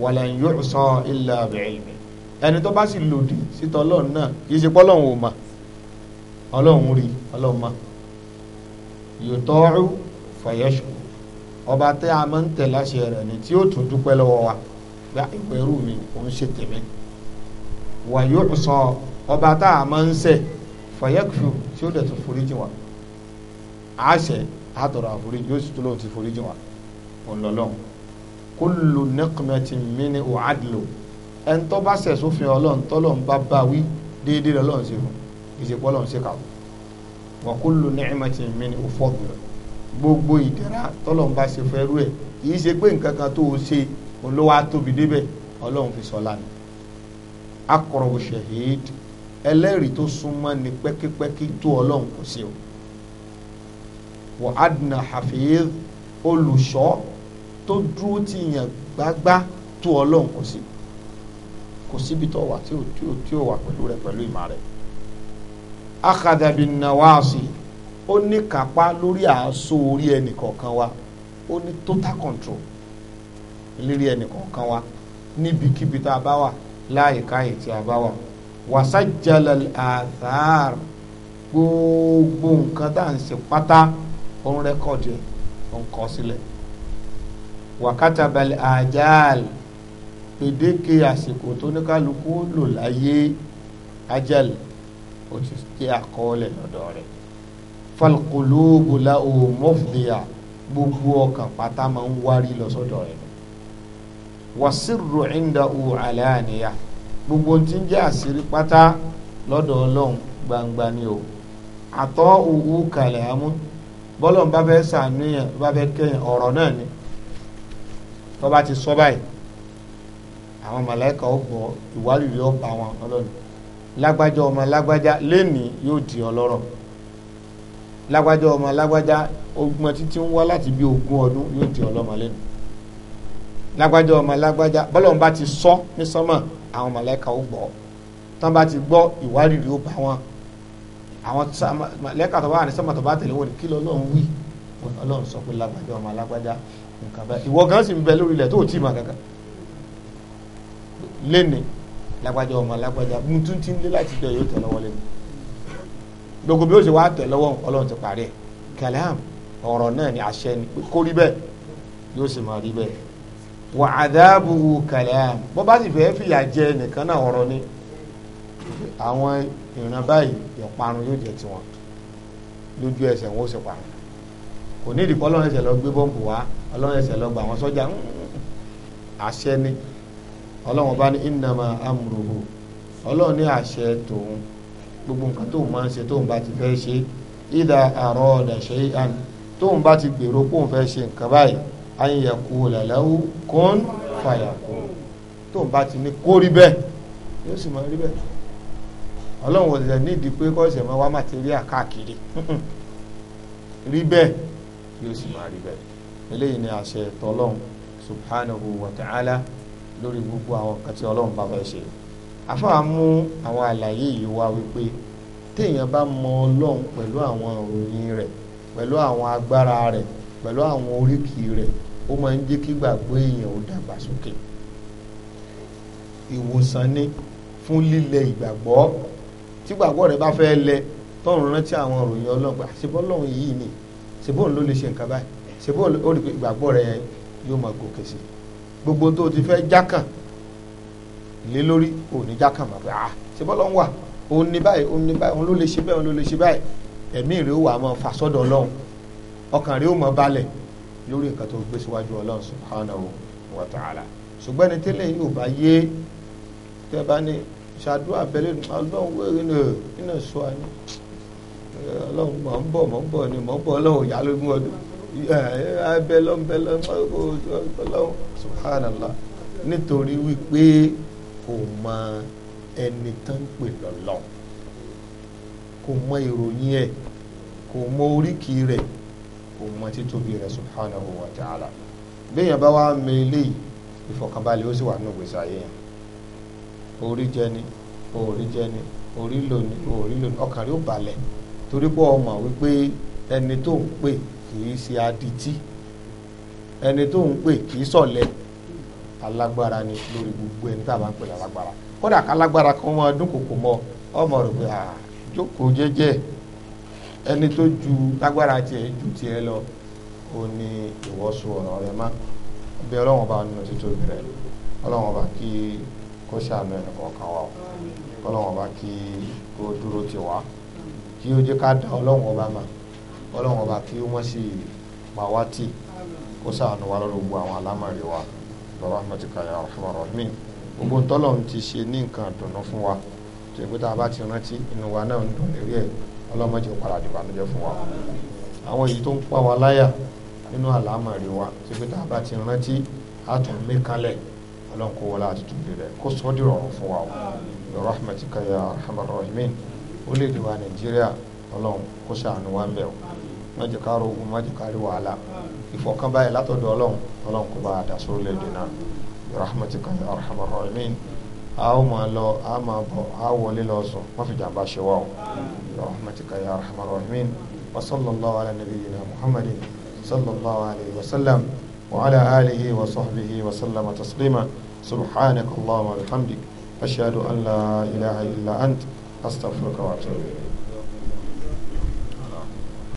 wàlẹ̀ yóò sọ ìlà àbí ìdìbò ẹni tó bá sì lòdì síta ọlọ́run náà kì í ṣe pọ́lọ́run ò mà ọlọ́run rí ọlọ́run mà yòtọ́rù fàyẹ́sù ọba tẹ́ a máa ń tẹ̀ láṣẹ rẹ̀ ni tí ó tún dúpẹ́ lọ́wọ́ wa gba ìpẹ́rù mi òun ṣe tèmi wàyó sọ ọba tá a máa ń sẹ̀ fàyẹ́kùfù tí ó dẹ̀ tún foríjì wa àṣẹ àtọ̀rọ̀ àforíjì yóò sì tún lóun ti foríjì wa òun lọ́lọ́run kullu niqmatin mini wa adlu ẹni tó bá ṣẹ̀ sófin ọlọ́run tọ́lọ́run bá bá wí déédéé lọ́lọ́run ṣe fún ìṣèpọ̀ ọlọ́run ṣe kàwé wa kullu ni'matin min ufadl gbogbo ìdẹ̀ra tọ́lọ́run bá ṣe fẹ́ rú ẹ̀ kì ṣe pé nǹkan kan tó o ṣe olówó atóbi débẹ̀ ọlọ́run fi sọ lánàá akọrọ̀wò shahid ẹlẹ́rìí tó súnmọ́ ni pẹ́kípẹ́kí tó ọlọ́run kò sí o wọ́n adna hafiz olùṣọ́ tó dúró tì yàn gbágbá tó ọlọ́run kò sí o kò síbi tó wà tí ò tí ò tí ò wà pẹ̀lú rẹ pẹ̀lú ìmọ̀ rẹ. akadabi nawasi ó ní kápá lórí àásó orí ẹnìkọ̀ọ̀kan wa ó ní total control lérí ẹnìkọ̀ọ̀kan wa níbikíbi tá a bá wà láyìíká yìí tí a bá wà wasajjala al-athar gbogbo nǹkan tá à ń ṣe pátá ó rẹ́kọ̀dì ó ń kọ sílẹ̀ wa ajal gbèdéke àsìkò tó ní kálukú lò láyé ajal ó ti jẹ́ àkọọ́lẹ̀ lọ́dọ̀ rẹ̀ falkolóbùlà òmòfìdíyà gbogbo ọkàn pátá máa ń wárí lọ sọ́dọ̀ rẹ̀ wàsírù ìndà òwò àlàáníyà gbogbo tí ń jẹ́ àṣírí pátá lọ́dọ̀ ọlọ́run gbangba ni o àtọ́ òwú kàlẹ́ àmú bọ́lọ̀ bá fẹ́ sànúyàn bá fẹ́ kẹyìn ọ̀rọ̀ náà ni tọ́ba ti sọ báyìí àwọn màláíkà ó gbọ́ ìwárìrì ó bá wọn ọlọ́ni lágbájá ọmọ lágbájá lénìí yóò di ọlọ́rọ̀ lágbájá ọmọ lágbájá ogun títí ń wá láti bí ogún ọdún yóò di ọlọ́mọ lénìí lágbájá ọmọ lágbájá bọ́lọ́run bá ti sọ ní sánmà àwọn màláíkà ó gbọ́ tán bá ti gbọ́ ìwárìrì ó bá wọn àwọn màláíkà tó bá wà ní sánmà tó bá tẹ̀lé wọn kí lọ́lọ́run wí ọlọ́run sọ pé lágbájá ọmọ lágbájá nǹkan bẹ́ẹ̀ ìwọ gan sì ń bẹ lórí ilẹ̀ tó ò tí ì kankan Lene, lágbájá ọmọ lágbájá mo tún ti ń lé láti jọ yóò tẹ̀ lọ́wọ́ lẹ́nu gbogbo bí ó ṣe wá tẹ̀ lọ́wọ́ ọlọ́run ti parí ẹ̀ kàlám ọ̀rọ̀ náà ni àṣẹ ni kó rí bẹ́ẹ̀ yóò sì máa rí bẹ́ẹ̀ wà àdáàbò kàlám bó bá sì fẹ́ẹ́ fìyà jẹ nìkan náà ọ̀rọ̀ ni àwọn ìran báyìí ìparun yóò jẹ tiwọn lójú ẹsẹ̀ wọn ó sì parun kò ní ìdìpọ̀ ọlọ́run ẹsẹ̀ lọ gbé bọ́ǹbù wá ọlọ́run ẹsẹ̀ lọ gbà wọn sọ́jà àṣẹ ni ọlọ́run bá ní innama amruhu ọlọ́run ní àṣẹ tòun gbogbo nǹkan tóun máa ń ṣe tóun bá ti fẹ́ ṣe idha arada shay'an tóun bá ti gbèrò kóun fẹ́ ṣe nǹkan báyìí an yaqula lahu kun fayakun tóun bá ti ní kó rí bẹ́ẹ̀ yóò sì máa rí bẹ́ẹ̀ ọlọ́run ò lè nídìí pé kọ́ọ̀sì ẹ̀mọ́ wá màtíríà káàkiri rí bẹ́ẹ̀ yóò sì máa rí bẹ́ẹ̀ eléyìí ni àṣẹ tọ́lọ́run subhanahu wa ta'ala lórí gbogbo àwọn kan tí ọlọ́run bá fẹ́ ṣe àfáà mú àwọn àlàyé yìí wá wípé téèyàn bá mọ ọlọ́run pẹ̀lú àwọn òròyìn rẹ̀ pẹ̀lú àwọn agbára rẹ̀ pẹ̀lú àwọn oríkì rẹ̀ ó máa ń jẹ́ kí gbàgbọ́ èèyàn ó dàgbà sókè ìwòsàn ni fún lílẹ̀ ìgbàgbọ́ tí gbàgbọ́ rẹ̀ bá fẹ́ lẹ tọ́run rántí àwọn òròyìn ọlọ́run pé ọlọ́run yìí ni ṣebóun ló lè ṣe nǹkan báyìí ṣebóun ìgbàgbọ́ rẹ̀ yóò máa gòkè sí gbogbo tó ti fẹ́ jákàn lé lórí ò ní jákàn mọ̀ pé ah ṣe bọ́lọ́ ń wà òun ní báyìí òun ní báyìí òun ló lè ṣe bẹ́ẹ̀ òun ló lè ṣe báyìí ẹ̀mí rẹ̀ ó wà mọ́ fàṣọ́dọ̀ ọlọ́run ọkàn rẹ̀ ó mọ́ balẹ̀ lórí nǹkan tó gbé síwájú ọlọ́run subhanahu wa ta'ala ṣùgbọ́n ní tẹ́lẹ̀ yóò bá yé tẹ́ bá ní ṣàdúrà bẹ́lẹ̀ ọlọ́run wẹ̀rẹ̀ ní iná sọ àná ọlọ́run mọ̀ ń bọ̀ mọ̀ ń bọ̀ ni mọ̀ ń bọ̀ ọlọ́run subhanallah nítorí wípé kò mọ ẹni tán ń pè lọ́lọ́ kò mọ ìròyìn ẹ̀ kò mọ oríkìí rẹ̀ kò mọ títóbi rẹ̀ subhanahu wa ta'ala béèyàn bá wá mọ eléyìí ìfọ̀kànbalẹ̀ ó sì wà nínú ìgbésí ayé yẹn orí jẹni orí jẹni orí lóni orí lóni ọkàn rẹ̀ ó balẹ̀ torí pé ọmọ wípé ẹni tó ń pè kì í ṣe adití ẹni tó ń pè kì í sọ̀lẹ̀ alágbára ni lórí gbogbo ẹni tá a bá ń pè lálágbára kódà kálágbára kan wọn ọdún kòkò mọ ọmọ rẹ pé jókòó jẹ́jẹ́ ẹni tó ju lágbára tiẹ̀ ju tiẹ̀ lọ ó ní ìwọ́sùn ọ̀rọ̀ rẹ má bí ọlọ́run bá nínú rẹ bá kí kó ṣàánú ẹnì kọ̀ọ̀kan wa ọlọ́run bá kí kó dúró tì wá kí ó jẹ́ ká dá ọlọ́run ọba mà ọlọ́run ọba kí ó mọ̀ sí kó ṣàánú lọ́dọ̀ gbogbo àwọn alámọ̀rẹ́ wa. rahmatika ya rahman rahim gbogbo ntọ́lọ́run ti ṣe ní nǹkan dùnú fún wa tó yẹ pé tá a bá ti rántí inú wa náà ń dùn lérí ẹ̀ ọlọ́mọdé padà dìbànújẹ́ fún wa àwọn èyí tó ń pa wa láyà nínú àlámọ̀rí wa tó yẹ pé tá a bá ti rántí àtún mí kalẹ̀ ọlọ́run kó wọlé àti tóbi rẹ̀ kó sọ́ di rọrùn fún wa o rahmatika ya rahman rahim orílẹ̀-èdè wa nàìjíríà ọlọ́run kó ṣàánú wa ń bẹ̀ o má jẹ́ ká rogun má jẹ́ ká rí wàhálà ìfọ̀kànbalẹ̀ látọ̀dọ̀ ọlọ́run ọlọ́run kó bá a dà sórí lẹ́dẹ̀ náà rahmatika ya arhamar rahimin awo ma máa lọ a máa bọ̀ a wọlé lọ sùn wọ́n fi jàǹbá ṣe wá o rahmatika ya arhamar rahimin wa sallallahu ala nabiyyina muhammadin sallallahu alayhi wa sallam wa ala alihi wa sahbihi wa sallama taslima subhanaka allahumma wa bihamdik ashhadu an la ilaha illa ant astaghfiruka wa atubu ilayk